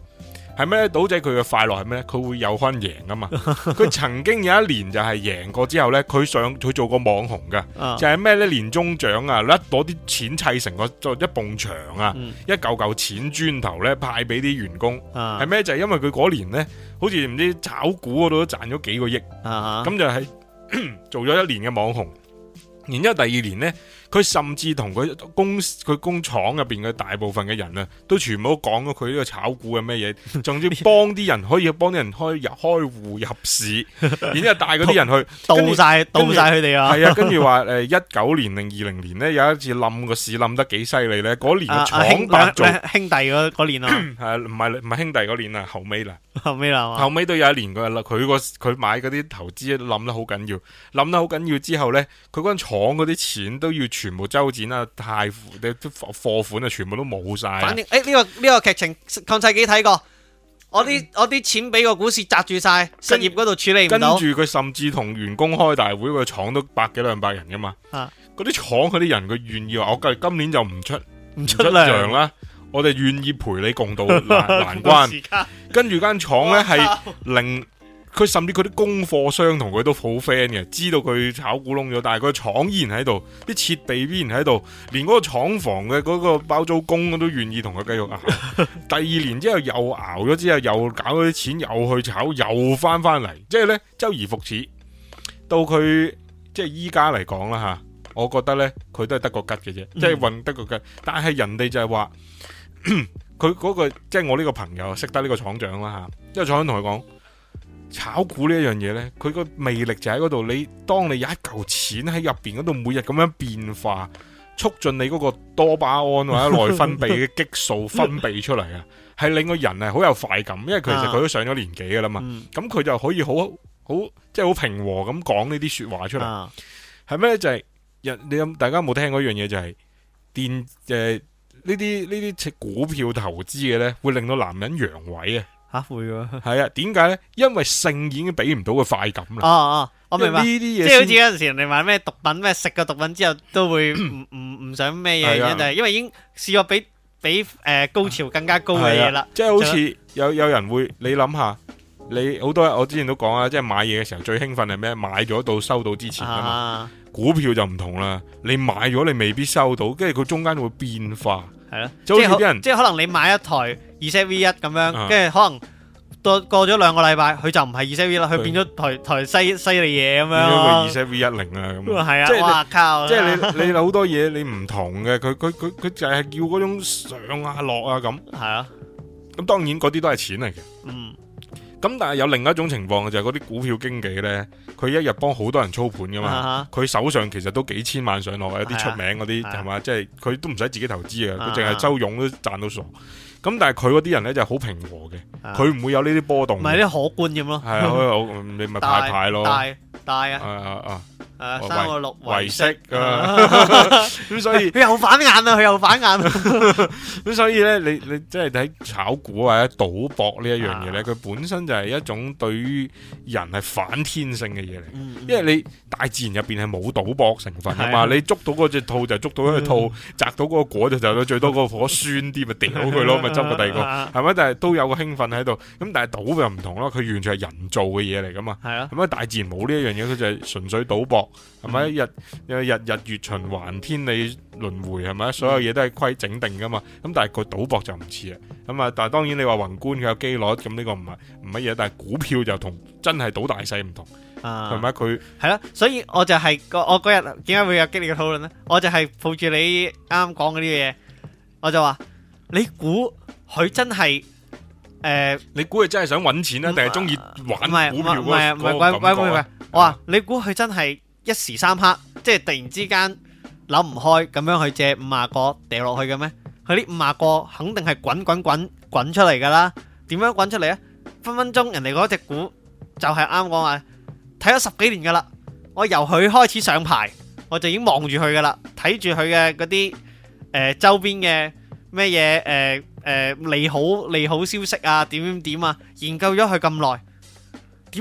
係咩咧？賭仔佢嘅快樂係咩咧？佢會有番贏啊嘛！佢曾經有一年就係贏過之後咧，佢上佢做過網紅噶，啊、就係咩咧？年終獎啊，甩攞啲錢砌成個做一埲牆啊，嗯、一嚿嚿錢磚頭咧派俾啲員工。係咩、啊？就係、是、因為佢嗰年咧，好似唔知炒股嗰度都賺咗幾個億，咁、啊、哈就係、是、做咗一年嘅網紅。然之後第二年咧。佢甚至同佢工佢工廠入邊嘅大部分嘅人啊，都全部講過佢呢個炒股嘅咩嘢，仲要幫啲人可以幫啲人開入開戶入市， 然之後帶嗰啲人去，導晒晒佢哋啊。係啊，跟住話誒，一九、 uh，年定二零年呢，有一次冧個市冧得幾犀利呢。嗰年廠咩兄弟嗰年 啊，係唔係唔係兄弟嗰年啊？後尾啦， 後尾啦 後尾都有一年佢啦，佢、嗰個、買嗰啲投資冧得好緊要，冧得好緊要之後呢，佢嗰間廠嗰啲錢都要。全部周轉啦、啊，太你啲貨款啊，全部都冇晒、啊。反正誒呢、這個呢、這個劇情，抗世幾睇過？我啲、嗯、我啲錢俾個股市窒住晒，失業嗰度處理唔到。跟住佢甚至同員工開大會，個廠都百幾兩百人噶嘛。嗰啲廠嗰啲人佢願意話：我計今年就唔出唔出糧啦，我哋願意陪你共度難， 難關。難關，跟住間廠咧係零。佢甚至佢啲供貨商同佢都好 friend 嘅，知道佢炒股窿咗，但係佢廠依然喺度，啲設備依然喺度，連嗰個廠房嘅嗰個包租公都願意同佢繼續。 第二年之後又熬咗之後又搞啲錢又去炒又翻翻嚟，即係呢周而復始。到佢即係依家嚟講啦嚇，我覺得呢，佢都係得個吉嘅啫，嗯、即係運得個吉。但係人哋就係話佢嗰個即係我呢個朋友識得呢個廠長啦嚇，因為廠長同佢講。炒股呢一樣嘢呢，佢個魅力就喺嗰度。你當你有一嚿錢喺入邊嗰度，每日咁樣變化，促進你嗰個多巴胺或者內分泌嘅激素分泌出嚟啊，係 令個人係好有快感。因為其實佢都上咗年紀噶啦嘛，咁佢、啊、就可以好好即係好平和咁講呢啲說話出嚟。係咩咧？就係人你有大家有冇聽過一樣嘢？就係、是、電誒呢啲呢啲股票投資嘅呢，會令到男人陽痿啊！吓，會係啊？點解咧？因為性已經俾唔到個快感啦。哦哦、啊啊啊，我明白呢啲嘢，這些即係好似嗰陣時人哋買咩毒品，咩食過毒品之後都會唔唔唔想咩嘢，啊、因為已經試過比比誒、呃、高潮更加高嘅嘢啦。即係、啊啊就是、好似有有人會，你諗下，你好多我之前都講啊，即係買嘢嘅時候最興奮係咩？買咗到收到之前啊。是股票就唔同啦，你買咗你未必收到，跟住佢中間會變化，係咯，即係啲人，即係可能你買一台二 set V 一咁樣，跟住可能過過咗兩個禮拜佢就唔係二 set V 啦，佢變咗台台西犀利嘢咁樣，二 set V 一零啊咁，係啊，哇靠，即係你你好多嘢你唔同嘅，佢佢佢佢就係叫嗰種上啊落啊咁，係啊，咁當然嗰啲都係錢嚟嘅，嗯。咁但係有另一種情況就係嗰啲股票經紀咧，佢一日幫好多人操盤，噶嘛，佢、uh huh. 手上其實都幾千萬上落，有啲出名嗰啲係嘛，即係佢都唔使自己投資嘅，佢淨係收傭都賺到傻。咁但係佢嗰啲人咧就好平和嘅，佢唔、uh huh. 會有呢啲波動。咪啲可觀咁咯，係啊，好，你咪派派咯 大，大，大啊，啊啊、uh！Huh. 誒，三個六為色啊！咁所以佢又反眼啦，佢又反眼啦。咁所以咧，你你即係睇炒股或者賭博呢一樣嘢咧，佢本身就係一種對於人係反天性嘅嘢嚟，因為你大自然入邊係冇賭博成分噶嘛，你捉到嗰隻兔就捉到一隻兔，摘到個果就就最多個火酸啲咪掉佢咯，咪執個第二個係咪？但係都有個興奮喺度。咁但係賭又唔同咯，佢完全係人造嘅嘢嚟噶嘛。係啊，咁啊大自然冇呢一樣嘢，佢就係純粹賭博。係咪一日日日，日月循環，天理輪迴係咪？所有嘢都係規整定噶嘛？咁但係個賭博就唔似啊。咁啊，但係當然你話宏觀佢有機率，咁呢個唔係唔乜嘢。但係股票就同真係賭大細唔同，係咪、啊？佢係啦，所以我就係、是、我嗰日點解會有激烈嘅討論呢？我就係抱住你啱啱講嗰啲嘢，我就話你估佢真係誒？你估佢真係、呃、想搵錢咧、啊，定係中意玩、啊、股票的？唔係唔係唔係唔係我話說、啊、你估佢真係。一時三刻，即係突然之間諗唔開，咁樣去借五阿哥掉落去嘅咩？佢啲五阿哥肯定係滾滾滾滾出嚟噶啦，點樣滾出嚟啊？分分鐘人哋嗰隻股就係啱講話，睇咗十幾年噶啦。我由佢開始上牌，我就已經望住佢噶啦，睇住佢嘅嗰啲誒周邊嘅咩嘢誒誒利好利好消息啊，點點點啊，研究咗佢咁耐。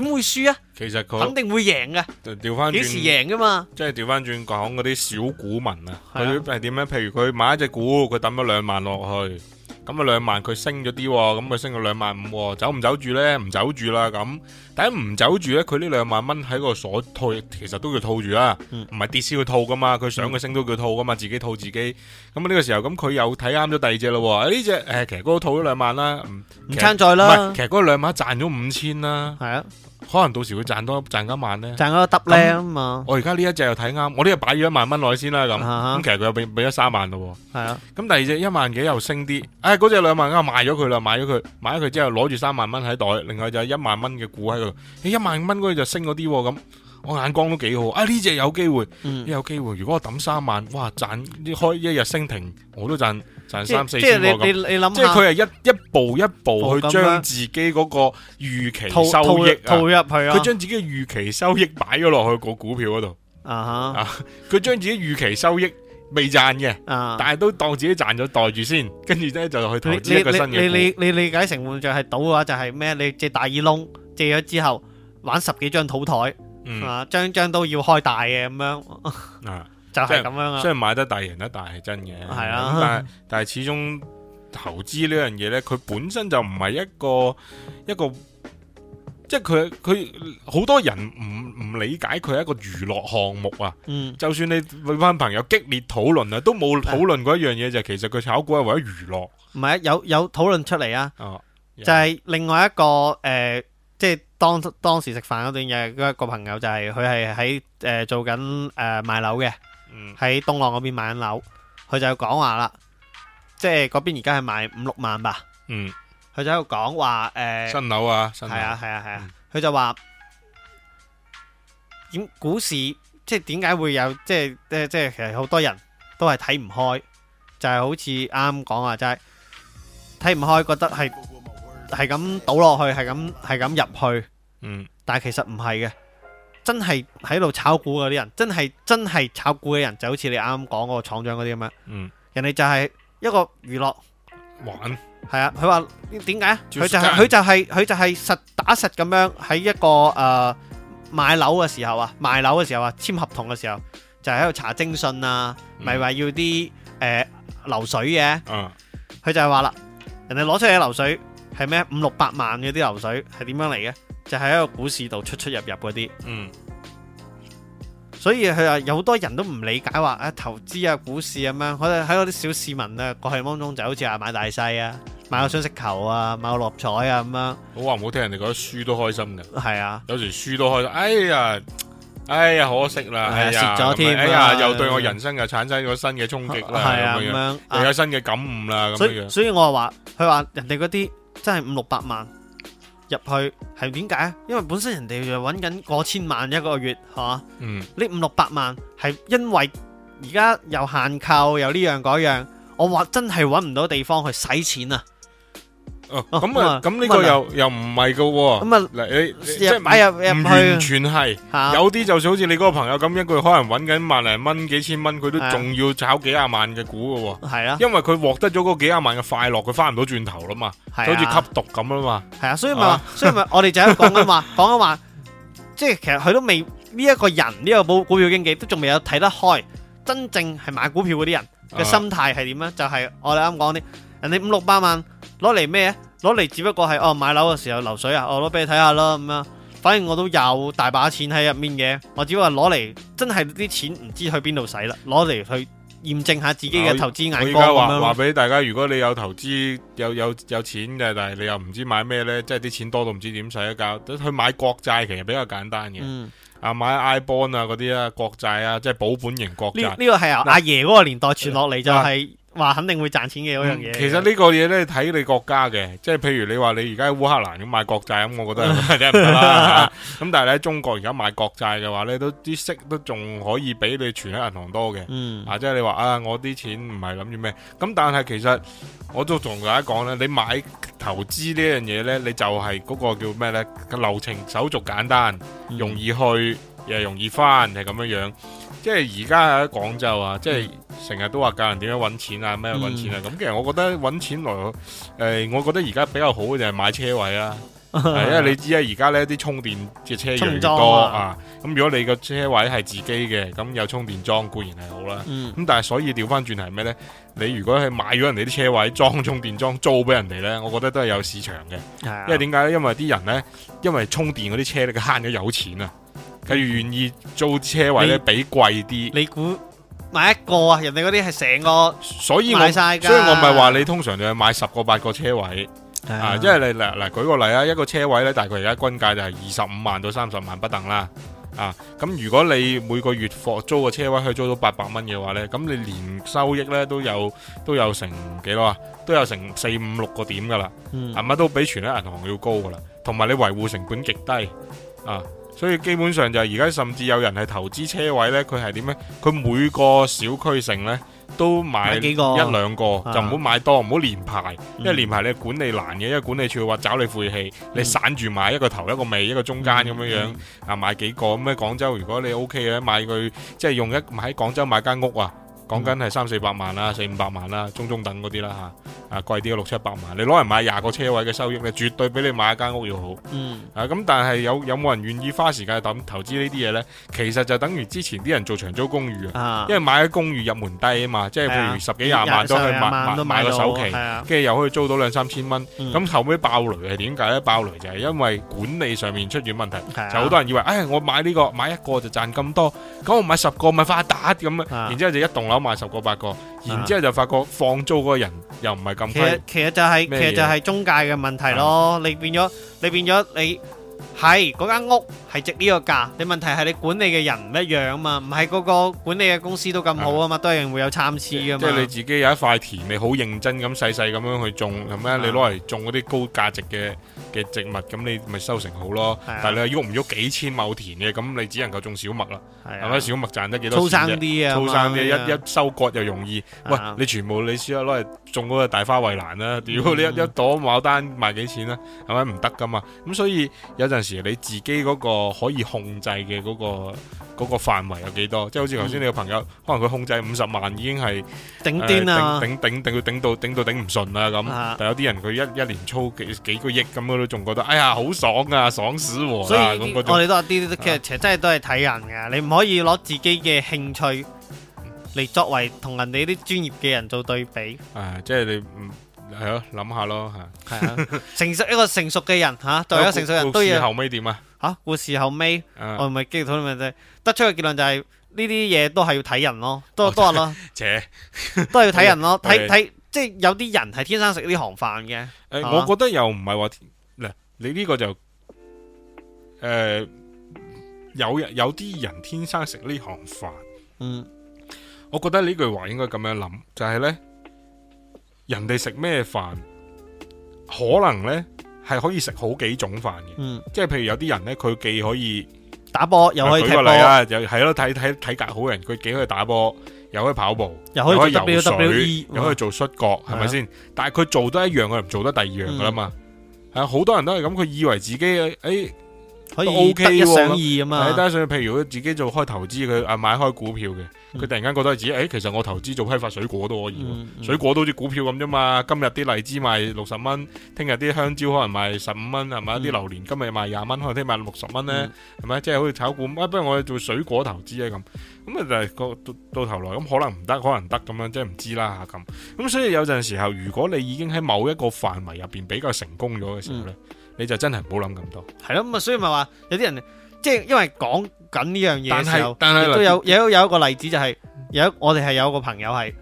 點會輸啊？其實佢肯定會贏嘅！調翻幾時贏噶嘛？即係調翻轉講嗰啲小股民啊，係點咧？譬如佢買一隻股，佢抌咗兩萬落去。咁啊兩萬佢升咗啲，哦，咁佢升到兩萬五，哦，走唔走住咧？唔走住啦，咁但係唔走住咧，佢呢兩萬蚊喺個鎖套，其實都叫套住啦，唔係跌市要套噶嘛，佢想佢升都叫套噶嘛，自己套自己。咁呢個時候，咁佢又睇啱咗第二隻咯，呢隻誒其實嗰個套咗兩萬啦，唔唔參賽啦，其實嗰兩萬賺咗五千啦，係啊。可能到時會賺多賺一萬咧，賺多個得咧啊嘛！我而家呢一隻又睇啱，我呢又擺咗一萬蚊落去先啦咁。咁、uh huh. 其實佢又俾俾咗三萬咯。係啊、uh，咁、huh. 嗯、第二隻一萬幾又升啲，唉、哎，嗰隻兩萬我賣咗佢啦，買咗佢，買咗佢之後攞住三萬蚊喺袋，另外就有一萬蚊嘅股喺度。誒、欸，一萬蚊嗰個就升嗰啲咁，我眼光都幾好啊！呢、哎、只有機會，嗯、有機會如果我抌三萬，哇，賺啲開一日升停，我都賺。賺三四千，即係你你諗，即係佢係一一步一步去將自己嗰個預期收益，套，套入去啊，佢將自己預期收益擺咗落去個股票嗰度，啊佢將自己預期收益未賺嘅，uh huh. 但係都當自己賺咗袋住先，跟住咧就去投資一個新嘅。你你你，你，你理解成換著係賭嘅話，就係、是、咩，你借大耳窿借咗之後，玩十幾張賭台，嗯、啊，張張都要開大嘅咁樣。Uh huh. 就係咁樣啊！雖然買得大贏得大係真嘅係啊。但係但係始終投資呢樣嘢呢，佢本身就唔係一個一個，即係佢佢好多人唔唔理解佢係一個娛樂項目啊。嗯、就算你搵返朋友激烈討論啊，都冇討論過一樣嘢，就係其實佢炒股係為咗娛樂。唔係啊，有有討論出嚟啊。就係另外一個誒，即、呃、係、就是、當當時食飯嗰段嘢，一個朋友就係佢係喺誒做緊誒賣樓嘅。呃喺東朗嗰邊買緊樓，佢就講話啦，即係嗰邊而家係賣五六萬吧。嗯，佢就喺度講話誒，新樓啊，新樓，係啊，係啊，係啊，佢就話點股市，即係點解會有，即係即係其實好多人都係睇唔開，就係好似啱啱講話，即係睇唔開，覺得係係咁倒落去，係咁係咁入去。嗯，但係其實唔係嘅。真係喺度炒股嗰啲人，真係真係炒股嘅人，就好似你啱啱講嗰個廠長嗰啲咁樣。嗯，人哋就係一個娛樂玩，係啊。佢話點解啊？佢 Just 就係、是、佢就係、是、佢就係實打實咁樣喺一個誒賣樓嘅時候啊，賣樓嘅時候啊，簽合同嘅時候就喺、是、度查徵信啊，咪話、嗯、要啲誒、呃、流水嘅、啊。佢、嗯、就係話啦，人哋攞出嚟嘅流水係咩？五六百萬嘅啲流水係點樣嚟嘅？就喺一個股市度出出入入嗰啲，嗯，所以佢話有好多人都唔理解話，誒投資啊股市咁、啊、樣，我哋喺嗰啲小市民啊，過去當中就好似話買大細啊，買個雙色球啊，買個六合彩啊咁樣。好話唔好聽，人哋覺得輸都開心嘅。係啊，有時輸都開心，哎呀，哎呀，可惜啦，蝕咗添，哎呀，哎哎、又對我的人生又產生咗新嘅衝擊啦，咁樣，啊啊、又有新嘅感悟啦，咁樣。啊、所以，所以我話佢話人哋嗰啲真係五六百萬，入去係點解啊？因為本身人哋就揾緊過千萬一個月，吓、啊，呢、嗯、五六百萬係因為而家又限購，又呢樣嗰樣，我話真係揾唔到地方去使錢啊！咁啊，咁呢個又又唔係噶，咁啊，嗱你即係買入入唔完全係，有啲就算好似你嗰個朋友咁，一個月可能搵緊萬零蚊、幾千蚊，佢都仲要炒幾廿萬嘅股噶，係啊，因為佢獲得咗嗰幾廿萬嘅快樂，佢翻唔到轉頭啦嘛，好似吸毒咁啊嘛，係啊，所以咪話，所以咪我哋就喺度講緊話，講緊話，即係其實佢都未呢一個人呢個股股票經紀都仲未有睇得開，真正係買股票嗰啲人嘅心態係點咧？就係我哋啱講啲人哋五六百萬。攞嚟咩啊？攞嚟只不過係哦買樓嘅時候流水啊，我攞俾你睇下啦咁樣。反正我都有大把錢喺入面嘅，我只不過攞嚟真係啲錢唔知去邊度使啦，攞嚟去驗證下自己嘅投資眼光。我依家話俾大家，如果你有投資有有有錢嘅，但係你又唔知買咩呢，即係啲錢多到唔知點使得搞，去買國債其實比較簡單嘅。啊，買 I bond 啊嗰啲啊，國債啊，即係保本型國債。呢個係阿爺嗰個年代傳落嚟就係。話肯定會賺錢嘅嗰樣嘢。其實呢個嘢呢，睇你國家嘅，即係譬如你話你而家喺烏克蘭咁買國債咁， 我覺得係真唔得啦。咁 但係呢，中國而家買國債嘅話呢都啲息，息都仲可以比你存喺銀行多嘅，嗯啊。啊，即係你話啊，我啲錢唔係諗住咩？咁但係其實我都同大家講呢，你買投資呢樣嘢呢，你就係嗰個叫咩呢？個流程手續簡單，容易去又容易翻，係咁樣樣。即係而家喺廣州啊，嗯、即係成日都話教人點樣揾錢啊，咩揾錢啊咁。嗯、其實我覺得揾錢來，誒、呃，我覺得而家比較好嘅就係買車位啦， 因為你知道而家越越啊，而家呢啲充電嘅車越嚟越多啊。咁如果你個車位係自己嘅，咁有充電樁固然係好啦。咁、嗯、但係所以調翻轉係咩呢？你如果係買咗人哋啲車位，裝充電樁租俾人哋呢，我覺得都係有市場嘅、嗯，因為點解咧？因為啲人呢，因為充電嗰啲車咧，慳咗有錢啊。佢願意租車位咧，比，比貴啲。你估買一個啊？人哋嗰啲係成個，所以買曬。所以我咪話你通常就要買十個八個車位 Yeah. 啊，即係你嗱嗱舉個例啊，一個車位咧大概而家均價就係二十五萬到三十萬不等啦。啊，咁如果你每個月放租個車位可以租到八百蚊嘅話咧，咁你年收益咧都有都有成幾多啊？都有成四五六個點噶啦，係咪都比存喺銀行要高噶啦？同埋你維護成本極低啊！所以基本上就係而家，甚至有人係投資車位咧，佢係點呢？佢每個小區城咧都買買幾個，一兩個，啊、就唔好買多，唔好連排，嗯、因為連排你管理難嘅，因為管理處話找你晦氣，你散住買一個頭一個尾一個中間咁樣樣，啊，嗯、買幾個，咁喺廣州如果你 O K 嘅買佢即係用一喺廣州買間屋啊。講緊係三四百萬啦，四五百萬啦，中中等嗰啲啦吓，啊貴啲嘅六七百萬，你攞嚟買廿個車位嘅收益咧，絕對比你買一間屋要好。嗯、啊，咁但係有有冇人願意花時間去投資呢啲嘢呢？其實就等於之前啲人做長租公寓啊，因為買咗公寓入門低啊嘛，即係譬如十幾廿萬，、啊、萬都去買買，買個首期，跟住又可以租到兩三千蚊。咁、嗯、後尾爆雷係點解呢？爆雷就係因為管理上面出現問題，啊、就好多人以為，唉、哎，我買呢、這個買一個就賺咁多，咁我買十個咪發達啲咁然之後就一動攞埋十個八個，然之後就發覺放租嗰個人又唔係咁。其實就係、是啊、其實就係中介嘅問題咯。你變咗你變咗你係嗰間屋，係值呢個價，你問題係你管理嘅人唔一樣啊嘛，唔係嗰個管理嘅公司都咁好啊嘛，啊都係會有參差噶嘛。即係你自己有一塊田，你好認真咁細細咁樣去種係咩？啊、你攞嚟種嗰啲高價值嘅嘅植物，咁你咪收成好咯。啊、但係你喐唔喐幾千畝田嘅，咁你只能夠種小麥啦，係咪、啊？小麥賺得幾多錢？粗生啲啊，粗生啲，啊、一一收割又容易。啊、喂，你全部你試下攞嚟種嗰個大花蕙蘭啦、啊，如果你一、嗯、一朵牡丹賣幾錢啊？係咪唔得噶嘛？咁所以有陣時你自己嗰、嗰個。可以控制嘅嗰個嗰個範圍有幾多？即係好似頭先你個朋友，嗯、可能佢控制五十萬已經係頂端啦，頂頂頂到頂到頂唔順啦，咁。啊、但有啲人佢一一年操幾幾個億咁，佢都仲覺得哎呀好爽啊，爽死喎、啊！所以啊、我哋都係啲，其實真係都係睇人噶，啊、你唔可以攞自己嘅興趣嚟作為同人哋啲專業嘅人做對比。誒、啊，即係你唔。係咯，諗下咯吓。係啊，成熟一個成熟嘅人吓，作為一個成熟人都要後尾點啊吓？護士後尾，我唔係機率討論問題，得出嘅結論就係呢啲嘢都係要睇人咯，都都係咯，且都係要睇人咯，睇睇即係有啲人係天生食呢行飯嘅。誒，我覺得又唔係話嗱，你呢個就誒有有啲人天生食呢行飯。嗯，我覺得呢句話應該咁樣諗，就係咧。人哋食咩飯，可能呢係可以食好幾種飯嘅，即係譬如有啲人呢，佢既可以打波，又可以踢波嚟啦，又係咯，睇睇體格好人，佢既可以打波，又可以跑步，又可以游水，又可以做摔角，係咪先？但係佢做得一樣，佢唔做得第二樣噶啦嘛，係好多人都係咁，佢以為自己誒。可以得益上二啊嘛！得益上，譬如佢自己做開投資，佢啊買開股票嘅，佢突然間覺得自己，誒、欸，其實我投資做批發水果都可以，嗯嗯、水果都好似股票咁啫嘛。今日啲荔枝賣六十蚊，聽日啲香蕉可能賣十五蚊，係咪？啲、嗯、榴蓮今日賣廿蚊，可能聽日賣六十蚊咧，係咪？即、就、係、是、好似炒股，不如我哋做水果投資啊咁。咁啊，就係到到頭來咁，可能唔得，可能得咁樣，即係唔知啦吓咁。咁、啊、所以有陣時候，如果你已經喺某一個範圍入邊比較成功咗嘅時候咧。嗯你就真係唔好諗咁多，係咯咁啊，所以咪話有啲人，即係因為講緊呢樣嘢嘅時候，亦都有有有一個例子就係、是、有一我哋係有一個朋友係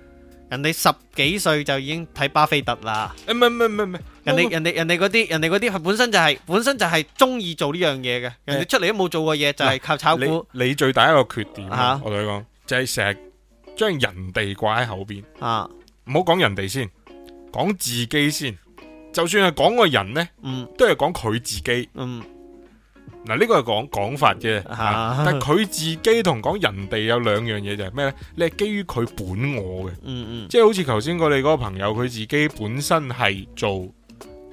人哋十幾歲就已經睇巴菲特啦。誒唔唔唔唔，人哋人哋人哋嗰啲人哋嗰啲係本身就係、是、本身就係中意做呢樣嘢嘅，人哋出嚟，都冇做過嘢，就係、是、靠炒股。你最大一個缺點啊，我同你講，就係成日將人哋掛喺後邊啊，唔好講人哋先，講自己先。就算係講個人呢，都係講佢自己。嗱、嗯，呢個係講講法啫。啊、但佢自己同講人哋有兩樣嘢就係咩呢？你係基於佢本我嘅，嗯嗯、即係好似頭先我哋嗰個朋友，佢自己本身係做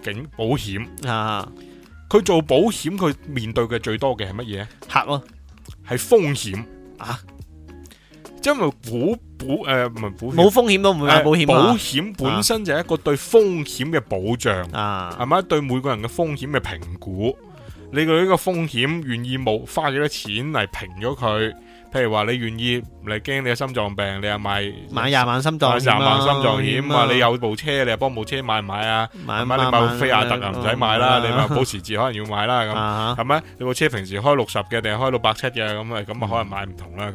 警、保險佢、啊、做保險佢面對嘅最多嘅係乜嘢？客咯，係風險啊！因為股、誒唔係保險，冇風險都唔係保險。保險、呃、本身就係一個對風險嘅保障啊，係咪對每個人嘅風險嘅評估？你對呢個風險願意冇花幾多錢嚟評咗佢？譬如話你願意，你驚你有心臟病，你又買買廿萬心臟，啊，買廿萬心臟險啊！買病啊，你有部車，你又幫部車買唔買啊？買啊！你買飛亞特啊，唔使買啦。你買保時捷可能要買啦。咁係咪？你部車平時開六十嘅，定係開六百七嘅？咁啊，咁啊，可能買唔同啦。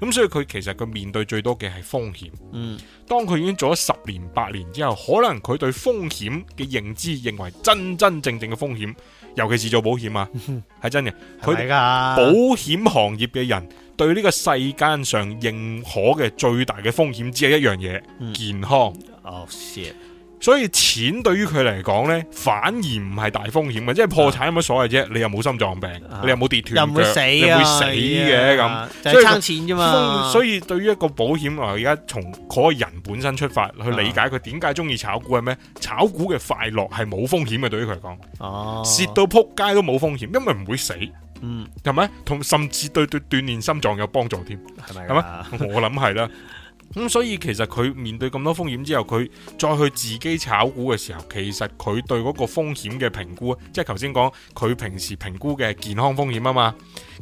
咁咁所以佢其實佢面對最多嘅係風險。嗯。當佢已經做咗十年八年之後，可能佢對風險嘅認知認為真真正正嘅風險，尤其是做保險啊，係 真嘅。係噶。保險行業嘅人。對呢個世間上認可嘅最大嘅風險只係一樣嘢，健康。所以錢對於佢嚟講呢，反而唔係大風險嘅，即係破產有乜所謂啫？你又冇心臟病，你又冇跌斷，又唔會死會死嘅咁，就係爭錢啫嘛。所以對於一個保險啊，而家從個人本身出發去理解佢點解中意炒股係咩？炒股嘅快樂係冇風險嘅，對於佢嚟講，蝕到撲街都冇風險，因為唔會死。嗯，係咪同甚至對對鍛煉心臟有幫助添？係咪啊？係嘛 我諗係啦。咁、嗯、所以其實佢面對咁多風險之後，佢再去自己炒股嘅時候，其實佢對嗰個風險嘅評估，即係頭先講，佢平時評估嘅健康風險啊嘛。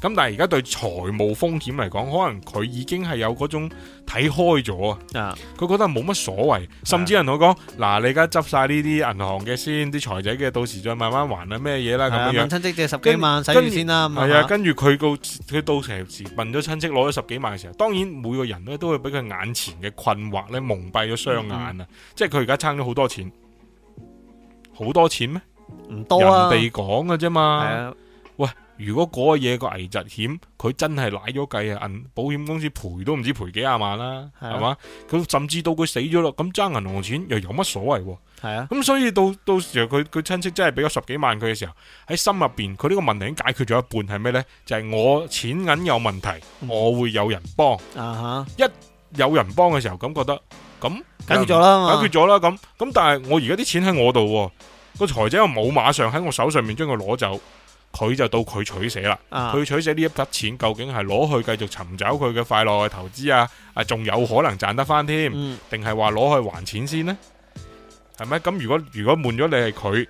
咁但係而家對財務風險嚟講，可能佢已經係有嗰種睇開咗啊！佢覺得冇乜所謂，甚至人同佢講：嗱、啊啊，你而家執晒呢啲銀行嘅先，啲財仔嘅到時再慢慢還什麼東西啊，咩嘢啦咁樣。親戚借十幾萬，使咗跟先啦，係啊，啊，跟住佢到佢到時問咗親戚攞咗十幾萬嘅時候，當然每個人咧都會俾佢眼前嘅困惑咧蒙蔽咗雙眼、嗯、啊！即係佢而家爭咗好多錢，好多錢咩？唔多啊！人哋講㗎啫嘛。啊如果嗰個嘢，個危疾險佢真係賴咗計啊，銀保險公司賠都唔知賠幾廿萬啦，係嘛是、啊？佢甚至到佢死咗咯，咁爭銀行錢又有乜所謂？係啊，咁是、啊、所以到到時佢佢親戚真係俾咗十幾萬佢嘅時候，喺心入邊佢呢個問題已經解決咗一半，係咩呢？就係、是、我錢銀有問題，我會有人幫啊吓！嗯、一有人幫嘅時候，咁覺得咁解決咗啦，解決咗啦，咁咁但係我而家啲錢喺我度，那個財仔又冇馬上喺我手上面將佢攞走。佢就到佢取捨啦，佢、啊、取捨呢一筆錢究竟係攞去繼續尋找佢嘅快樂去投資啊？啊，仲有可能賺得翻添，定係話攞去還錢先呢？係咪？咁如果如果換咗你係佢，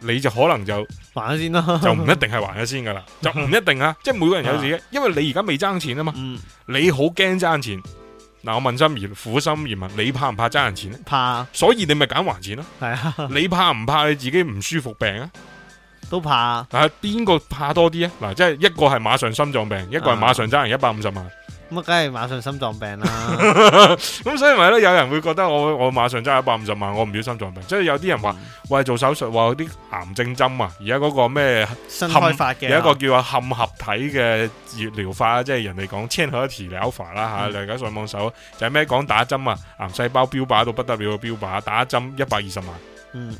你就可能就還咗先啦，就唔一定係還咗先噶啦，就唔一定啊。即係每個人有自己，啊、因為你而家未爭錢啊嘛，嗯、你好驚爭錢。嗱，我問心而苦心而問，你怕唔怕爭人錢呢？怕，所以你咪揀還錢咯。係啊，啊你怕唔怕你自己唔舒服病啊？都怕、啊、但嗱，邊個怕多啲啊？嗱，即係一個係馬上心臟病，一個係馬上爭人一百五十萬。咁啊，梗係馬上心臟病啦、啊。咁 所以咪咧，有人會覺得我我馬上爭一百五十萬，我唔要心臟病。即、就、係、是、有啲人話喂，嗯、做手術，話嗰啲癌症針啊，而家嗰個咩新開發嘅，有一個叫做嵌合體嘅治療法即係、啊、人哋講 c h e r n o 療法啦吓、嗯啊。你而家上網搜就係咩講打針啊，癌細胞標靶到不得了嘅標靶，打針一百二十萬。嗯，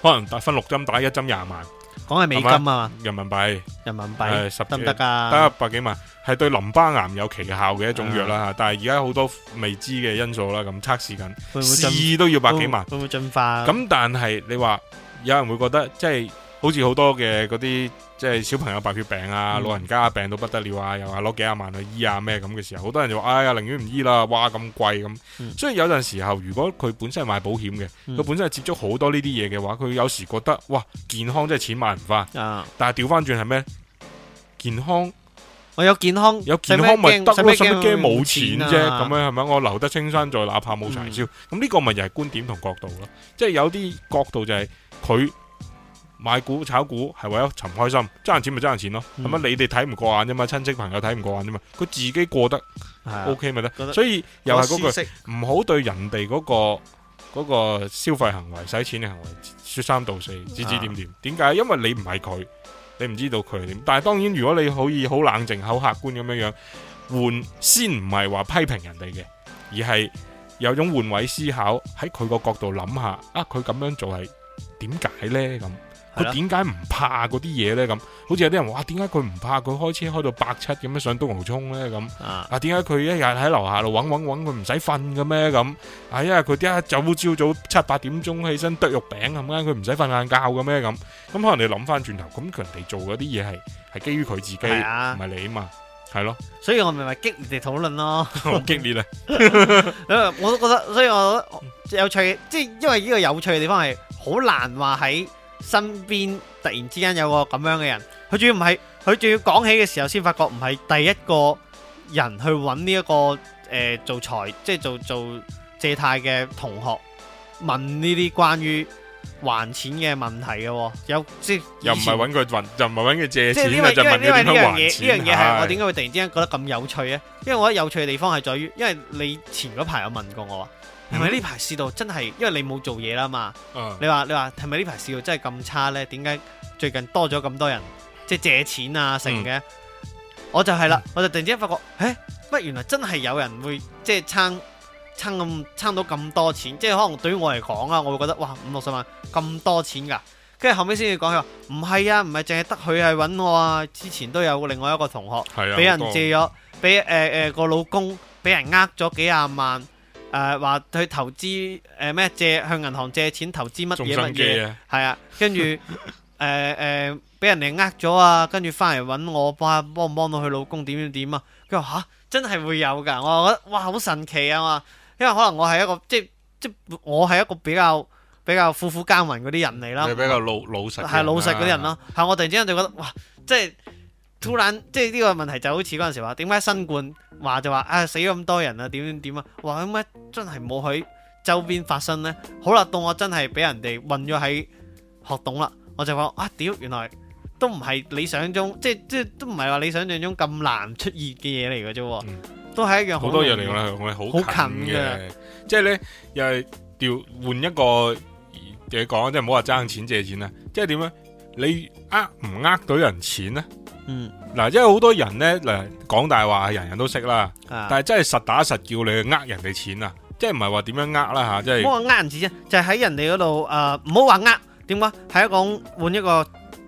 可能分六針打，一針廿萬。講係美金啊，人民幣，人民幣，十得唔得噶？得百幾萬，係對淋巴癌有奇效嘅一種藥啦吓，的但係而家好多未知嘅因素啦，咁測試緊，試都要百幾萬，會唔會進化？咁但係你話，有人會覺得即係。好似好多嘅嗰啲即係小朋友白血病啊，嗯、老人家病到不得了啊，又話攞幾十萬去醫啊咩咁嘅時候，好多人就話哎呀，寧願唔醫啦，哇咁貴咁。貴嗯、所以有陣時候，如果佢本身係賣保險嘅，佢本身係接觸好多呢啲嘢嘅話，佢有時覺得哇，健康真係錢買唔翻、啊、但係調翻轉係咩？健康我有健康有健康咪得咯，使乜驚冇錢啫、啊？咁樣係咪？我留得青山在，哪怕冇柴燒。咁呢、嗯、個咪又係觀點同角度咯。即係有啲角度就係、是、佢。買股炒股係為咗尋開心，賺錢咪賺錢咯。咁樣、嗯、你哋睇唔過眼啫嘛，親戚朋友睇唔過眼啫嘛。佢自己過得、啊、OK 咪得，所以又係嗰句唔好對人哋、嗰、嗰個、嗰個消費行為、使錢嘅行為說三道四、指指點點。點解是、啊？因為你唔係佢，你唔知道佢點。但係當然，如果你可以好冷靜、好客觀咁樣樣換，先唔係話批評人哋嘅，而係有種換位思考，喺佢個角度諗下，啊，佢咁樣做係點解呢？咁。佢點解唔怕嗰啲嘢咧？咁好似有啲人話，點解佢唔怕佢開車開到百七咁樣上東濠涌咧？咁啊？點解佢一日喺樓下度搵搵搵，佢唔使瞓嘅咩？咁啊？因為佢啲一早朝早七八點鐘起身剁肉餅咁樣，佢唔使瞓晏覺嘅咩？咁咁，可能你諗翻轉頭，咁佢人哋做嗰啲嘢係係基於佢自己，唔係、啊、你啊嘛？係咯。所以我咪咪激烈地討論咯，好激烈啊！ 我都覺得，所以我覺得有趣嘅，即係因為呢個有趣嘅地方係好難話喺。身邊突然之間有個咁樣嘅人，佢仲要唔係？佢仲要講起嘅時候先發覺唔係第一個人去揾呢一個誒、呃、做財，即係做做借貸嘅同學問呢啲關於還錢嘅問題嘅喎，有即係又唔係揾佢還，又唔係揾佢借錢，咪就問佢點樣還錢？呢樣嘢係我點解會突然之間覺得咁有趣呢？是因為我覺得有趣嘅地方係在於，因為你前嗰排有問過我。係咪呢排市道真係？因為你冇做嘢啦嘛。嗯、你話你話係咪呢排市道真係咁差呢？點解最近多咗咁多人即係借錢啊成嘅？嗯、我就係啦，嗯、我就突然之間發覺，誒，乜原來真係有人會即係撐撐咁撐到咁多錢？即係可能對於我嚟講啦，我會覺得哇五六十萬咁多錢噶。跟住後尾先至講佢話唔係啊，唔係淨係得佢係揾我啊，之前都有另外一個同學俾人借咗，俾誒誒個老公俾人呃咗幾廿萬。誒，話去、呃、投資誒咩借向銀行借錢投資乜嘢乜嘢，係啊，跟住誒誒俾人哋呃咗啊，跟住翻嚟搵我幫下幫唔幫到佢老公點點點啊？佢話吓真係會有噶，我話覺得哇好神奇啊嘛，因為可能我係一個即即我係一個比較比較苦苦耕耘嗰啲人嚟咯，你比較老老實係老實嗰啲人咯，係、啊、我突然之間就覺得哇即。突然即係呢個問題就好似嗰陣時話點解新冠話就話啊死咗咁多人啊點點點啊，話點解真係冇喺周邊發生呢？好啦，到我真係俾人哋混咗喺學懂啦，我就話啊屌，原來都唔係理想中，即係即係都唔係話你想象中咁難出現嘅嘢，嚟嘅啫，嗯、都係一樣好多人嚟嘅，我好近嘅，近即係呢，又係調換一個嘢講，即係唔好話爭錢借錢啊。即係點咧？你呃唔呃到人錢呢？嗯，嗱，即係好多人咧，嚟講大話人人都識啦，啊、但係真係實打實叫你去呃人哋錢啊，即係唔係話點樣呃啦吓，即係唔好話呃人錢啫，就係、是、喺人哋嗰度誒，唔好話呃，點講？係一種換一個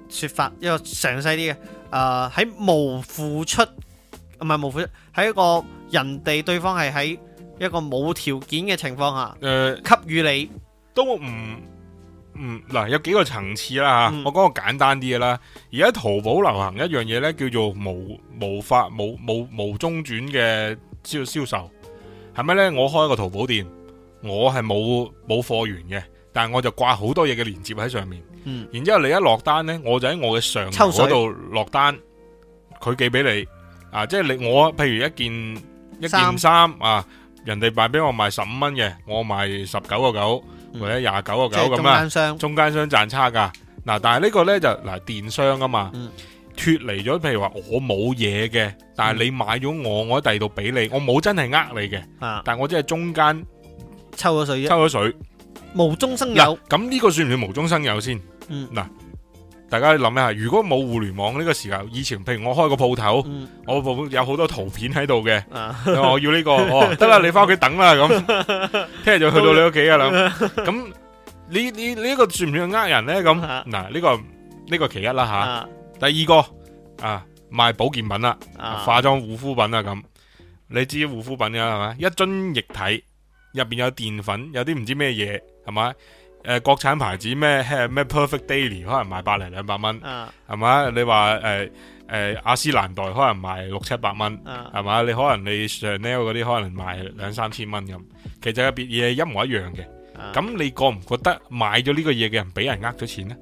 說法，一個詳細啲嘅誒，喺、呃、無付出，唔係無付出，喺一個人哋對方係喺一個冇條件嘅情況下，誒、呃，給予你都唔。嗯，嗱，有幾個層次啦嚇，嗯、我講個簡單啲嘅啦。而家淘寶流行一樣嘢咧，叫做無、無法、無、無、無中轉嘅銷銷售，係咪咧？我開一個淘寶店，我係冇冇貨源嘅，但係我就掛好多嘢嘅連接喺上面。嗯、然之後你一落單咧，我就喺我嘅上淘寶度落單，佢水寄俾你。啊，即係你我，譬如一件一件衫啊，人哋賣俾我賣十五蚊嘅，我賣十九個九。或者廿九個九咁啊，中間商賺差價，但係呢個咧就嗱、是、電商啊嘛，脫離咗，譬如話我冇嘢嘅，但係你買咗我，我喺第二度俾你，我冇真係呃你嘅，嗯、但係我即係中間抽咗了水，水，抽咗水，無中生有、啊。咁呢個算唔算無中生有先？嗯，嗱。大家諗一下，如果冇互聯網呢個時候，以前譬如我開個鋪頭，嗯、我有好多圖片喺度嘅，啊、我要呢、這個，得啦，你翻屋企等啦，咁聽日就去到你屋企噶啦。咁你你呢、這個算唔算呃人呢？咁嗱，呢、啊這個呢、這個其一啦吓。啊啊、第二個啊，賣保健品啦，化妝護膚品啦，咁你知護膚品噶係咪？一樽液體入邊有澱粉，有啲唔知咩嘢，係咪？誒、呃，國產品牌子咩咩 Perfect Daily 可能賣百零兩百蚊，係嘛、啊？你話誒誒雅詩蘭黛可能賣六七百蚊，係嘛、啊？你可能你 Chanel 嗰啲可能賣兩三千蚊咁，其實有別嘢一模一樣嘅。咁、啊、你覺唔覺得買咗呢、 呢個嘢嘅人俾人呃咗錢咧？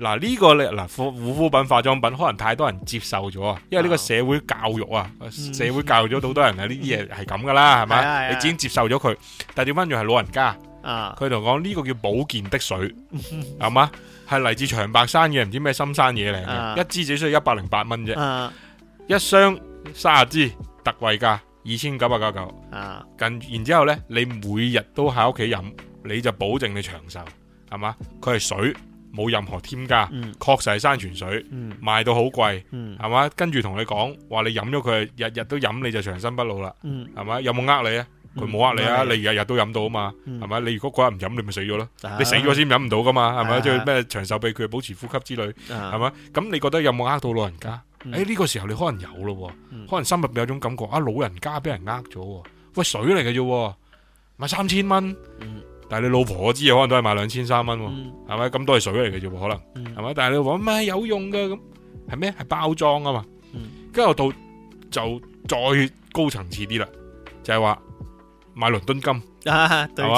嗱呢個你，嗱，護護膚品化妝品可能太多人接受咗啊，因為呢個社會教育啊，嗯、社會教育咗好多人啊，呢啲嘢係咁噶啦，係咪？嗯、你自然接受咗佢，嗯、但係點翻轉係老人家。佢同、啊、我講呢個叫保健的水，係嘛？係嚟自長白山嘅，唔知咩深山野嶺、啊、一支只需要一百零八蚊啫，啊、一箱卅支特惠價二千九百九十九，跟、啊、然之後呢你每日都喺屋企飲，你就保證你長壽，係嘛？佢係水，冇任何添加，嗯、確實係山泉水，嗯、賣到好貴，係嘛、嗯？跟住同你講話你飲咗佢，日日都飲你就長生不老啦，係嘛、嗯？有冇呃你啊？佢冇呃你啊！你日日都飲到啊嘛，係咪？你如果嗰日唔飲，你咪死咗咯？你死咗先飲唔到噶嘛，係咪？即係咩長壽秘訣、保持呼吸之類，係咪？咁你覺得有冇呃到老人家？誒呢個時候你可能有咯，可能心入邊有種感覺啊！老人家俾人呃咗喎，喂水嚟嘅啫，買三千蚊，但係你老婆知，可能都係買兩千三蚊，係咪？咁都係水嚟嘅啫，可能係咪？但係你話咩有用嘅咁係咩？係包裝啊嘛，跟住到就再高層次啲啦，就係話。買倫敦金，係嘛、啊？對嗱，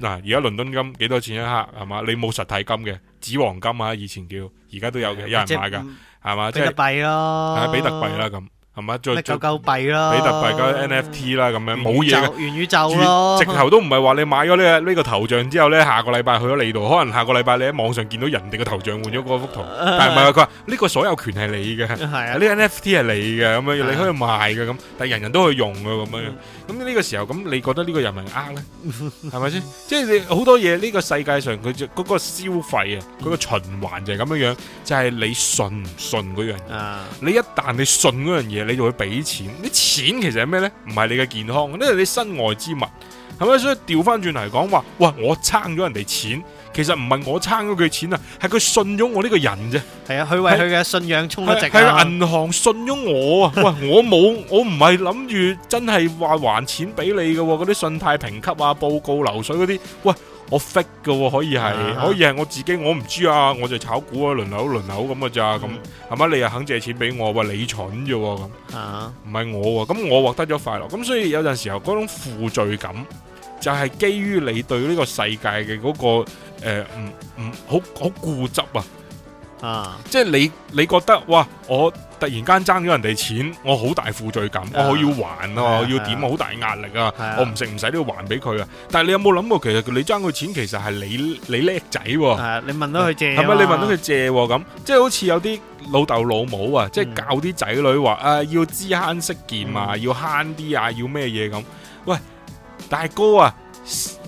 而家吧 倫敦金幾多錢一克？係嘛？你冇實體金嘅紙黃金啊，以前叫，而家都有嘅，有人買㗎，係嘛的？即係幣咯，係的比特幣啦、啊、咁。就是啊。係咪？再再夠幣咯，比特幣加 NFT 啦，咁樣冇嘢嘅。元宇宙，直頭都唔係話你買咗呢個呢個頭像之後咧，下個禮拜去咗你度，可能下個禮拜你喺網上見到人哋嘅頭像換咗嗰幅圖，但係唔係話，佢話呢個所有權係你嘅，係啊，呢 NFT 係你嘅，咁樣你可以賣嘅咁，但係人人都可以用嘅咁樣，咁呢個時候咁你覺得呢個人係呃咧？係咪先？即係你好多嘢呢個世界上佢就個消費啊，嗰個循環就係咁樣樣，就係你信唔信嗰樣嘢？你一旦你信嗰樣嘢。你就會俾錢，啲錢其實係咩咧？唔係你嘅健康，呢係你身外之物，係咪？所以調翻轉嚟講話，喂，我爭咗人哋錢，其實唔係我爭咗佢錢啊，係佢信用我呢個人啫。係啊，佢為佢嘅信仰充咗值。係啊，銀行信用我啊，喂，我冇，我唔係諗住真係話還錢俾你嘅，嗰啲信貸評級啊、報告流水嗰啲，喂。我 fake 嘅可以係，可以係、uh huh. 我自己，我唔知啊，我就炒股啊，輪流輪流咁啊咋，咁係咪？你又肯借錢俾我，喂，你蠢啫，咁，唔係、uh huh. 我喎、啊，咁我獲得咗快樂，咁所以有陣時候嗰種負罪感，就係、是、基於你對呢個世界嘅嗰、嗰個誒，唔、呃、唔、嗯嗯、好好固執啊，啊、uh，huh. 即係你你覺得，哇，我。突然間爭咗人哋錢，我好大負罪感，我要還啊，要點好大壓力啊，我唔食唔使都要還俾佢啊。但係你有冇諗過？其實你爭佢錢，其實係你你叻仔喎。係你問到佢借，係咪你問到佢借咁？即係好似有啲老豆老母啊，即係教啲仔女話，誒，要知慳識儉啊，要慳啲啊，要咩嘢咁？喂，大哥啊，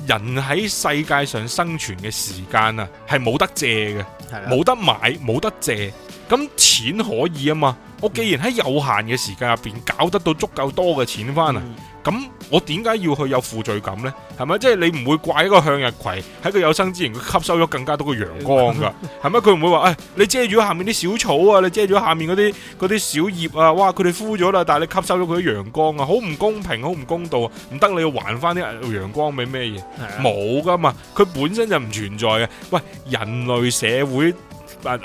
人喺世界上生存嘅時間啊，係冇得借嘅，冇得買，冇得借。咁錢可以啊嘛，我既然喺有限嘅時間入邊搞得到足夠多嘅錢翻啊，咁我點解要去有負罪感呢？係咪？即係你唔會怪一個向日葵喺佢有生之前佢吸收咗更加多嘅陽光噶，係咪？佢唔 會話誒、哎，你遮住下面啲小草啊，你遮住下面嗰啲啲小葉啊，哇，佢哋枯咗啦，但係你吸收咗佢啲陽光啊，好唔公平，好唔公道啊！唔得你，你要還翻啲陽光俾咩嘢？冇噶嘛，佢本身就唔存在啊。喂，人類社會。貨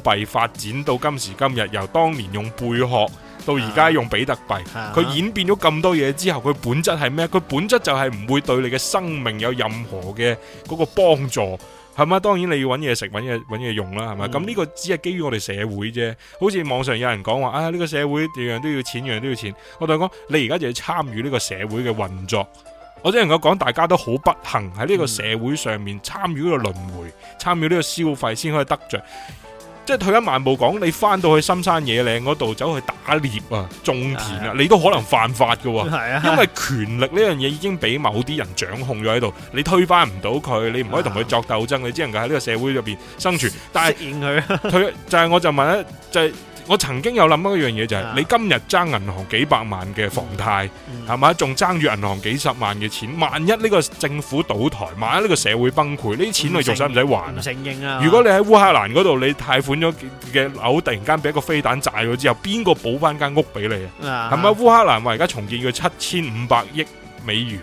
幣、啊、發展到今時今日，由當年用貝殼到而家用比特幣，佢、啊、演變咗咁多嘢之後，佢本質係咩？佢本質就係唔會對你嘅生命有任何嘅嗰個幫助，係嘛？當然你要揾嘢食，揾嘢揾嘢用啦，係咪？咁呢、嗯、個只係基於我哋社會啫。好似網上有人講話啊，呢、這個社會樣樣都要錢，樣樣都要錢。我同你講，你而家就要參與呢個社會嘅運作。我只能夠講，大家都好不幸喺呢個社會上面參與呢個輪回，參與呢個消費先可以得着。即係退一萬步講，你翻到去深山野嶺嗰度走去打獵啊、種田啊，你都可能犯法嘅。係啊，因為權力呢樣嘢已經俾某啲人掌控咗喺度，你推翻唔到佢，你唔可以同佢作鬥爭，你只能夠喺呢個社會入邊生存。但係，佢就係我就問咧，就係、是。我曾經有諗過一樣嘢就係、是，你今日爭銀行幾百萬嘅房貸，係咪、嗯？仲爭住銀行幾十萬嘅錢，萬一呢個政府倒台，萬一呢個社會崩潰，呢啲錢你仲使唔使還？啊！如果你喺烏克蘭嗰度，你貸款咗嘅樓突然間俾一個飛彈炸咗之後，邊個補翻間屋俾你啊？係咪烏克蘭話而家重建要七千五百億美元？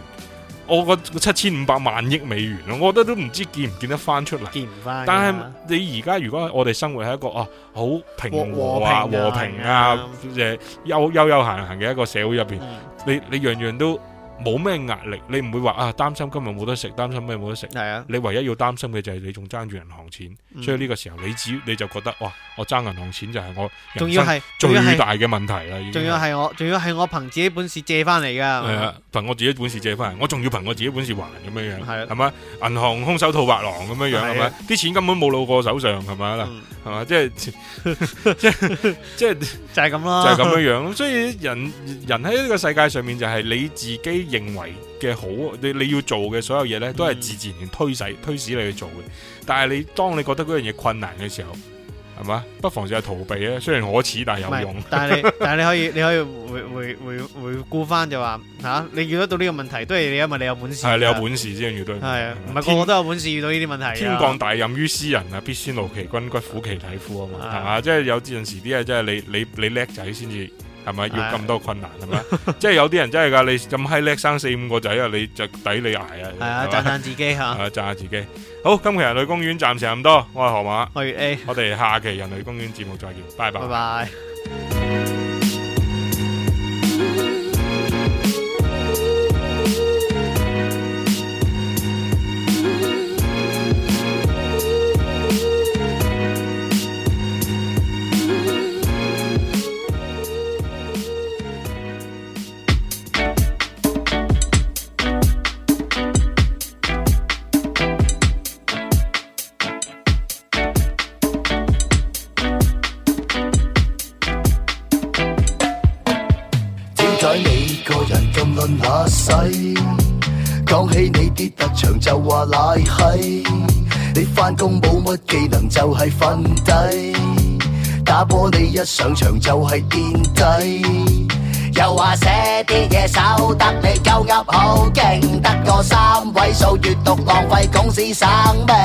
我個七千五百萬億美元啊！我覺得都唔知見唔見得翻出嚟。見唔翻、啊。但係你而家如果我哋生活喺一個啊好平和啊和，和，平和平啊誒悠、啊呃、悠悠閒閒嘅一個社會入邊、嗯，你你樣樣都。冇咩壓力，你唔會話啊擔心今日冇得食，擔心咩冇得食。係啊，你唯一要擔心嘅就係你仲爭住銀行錢，所以呢個時候你只你就覺得哇，我爭銀行錢就係我仲要係最大嘅問題啦。仲要係我，仲要係我憑自己本事借翻嚟㗎。係啊，憑我自己本事借翻嚟，我仲要憑我自己本事還咁樣樣。係啊，係嘛？銀行空手套白狼咁樣樣係嘛？啲錢根本冇攞過手上係咪啊？係嘛？即係即係即係就係咁啦，就係咁樣樣咯。所以人人喺呢個世界上面就係你自己。認為嘅好，你你要做嘅所有嘢咧，都係自自然然推使、嗯、推使你去做嘅。但係你當你覺得嗰樣嘢困難嘅時候，係嘛？不妨就係逃避咧。雖然可恥，但係有用是。但係你 但係你可以你可以回回回回顧翻就話吓，你遇到到呢個問題，都係你因為你有本事，係對、啊、你有本事先遇到。係唔係個個都有本事遇到呢啲問題天？天降大任於斯人露弟弟是啊，啊，必先勞其筋骨，苦其體膚啊嘛，係嘛？即係有陣時啲啊，即係你你你叻仔先至。係咪要咁多困難係咪？ 即係有啲人真係㗎，你咁閪叻，生四五個仔啊，你就抵你捱啊！係啊，贊讚自己嚇！啊，贊下自己。好，今期人類公園暫時咁多。我係何馬，我係 A，我哋下期人類公園節目再見，拜拜。拜拜。Bye bye 又係瞓低打波，你一上場就係墊底。又話寫啲嘢，收得你鳩噏好勁，得個三位數閱讀浪費公司生命。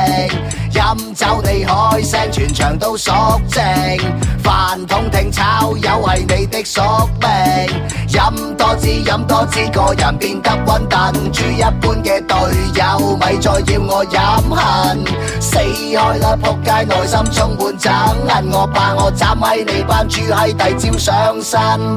飲酒你開聲，全場都肅靜。飯桶聽炒又係你的宿命。飲多支飲多支，個人變得溫淡，豬一般嘅隊友咪再要我飲恨。死開啦扑街，內心充滿憎恨，我怕我斬喺你班豬閪弟招上身。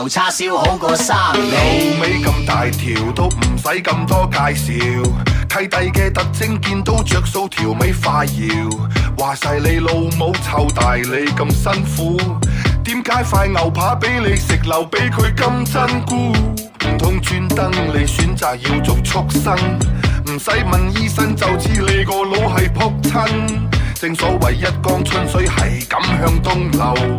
牛叉燒好過生老尾咁大條都唔使咁多介紹，契弟嘅特徵見到着數條尾快搖，話晒你老母臭大，你咁辛苦，點解塊牛扒俾你食留俾佢咁真估唔通專登你選擇要做畜生？唔使問醫生就知你個腦係仆親，正所謂一江春水係咁向東流。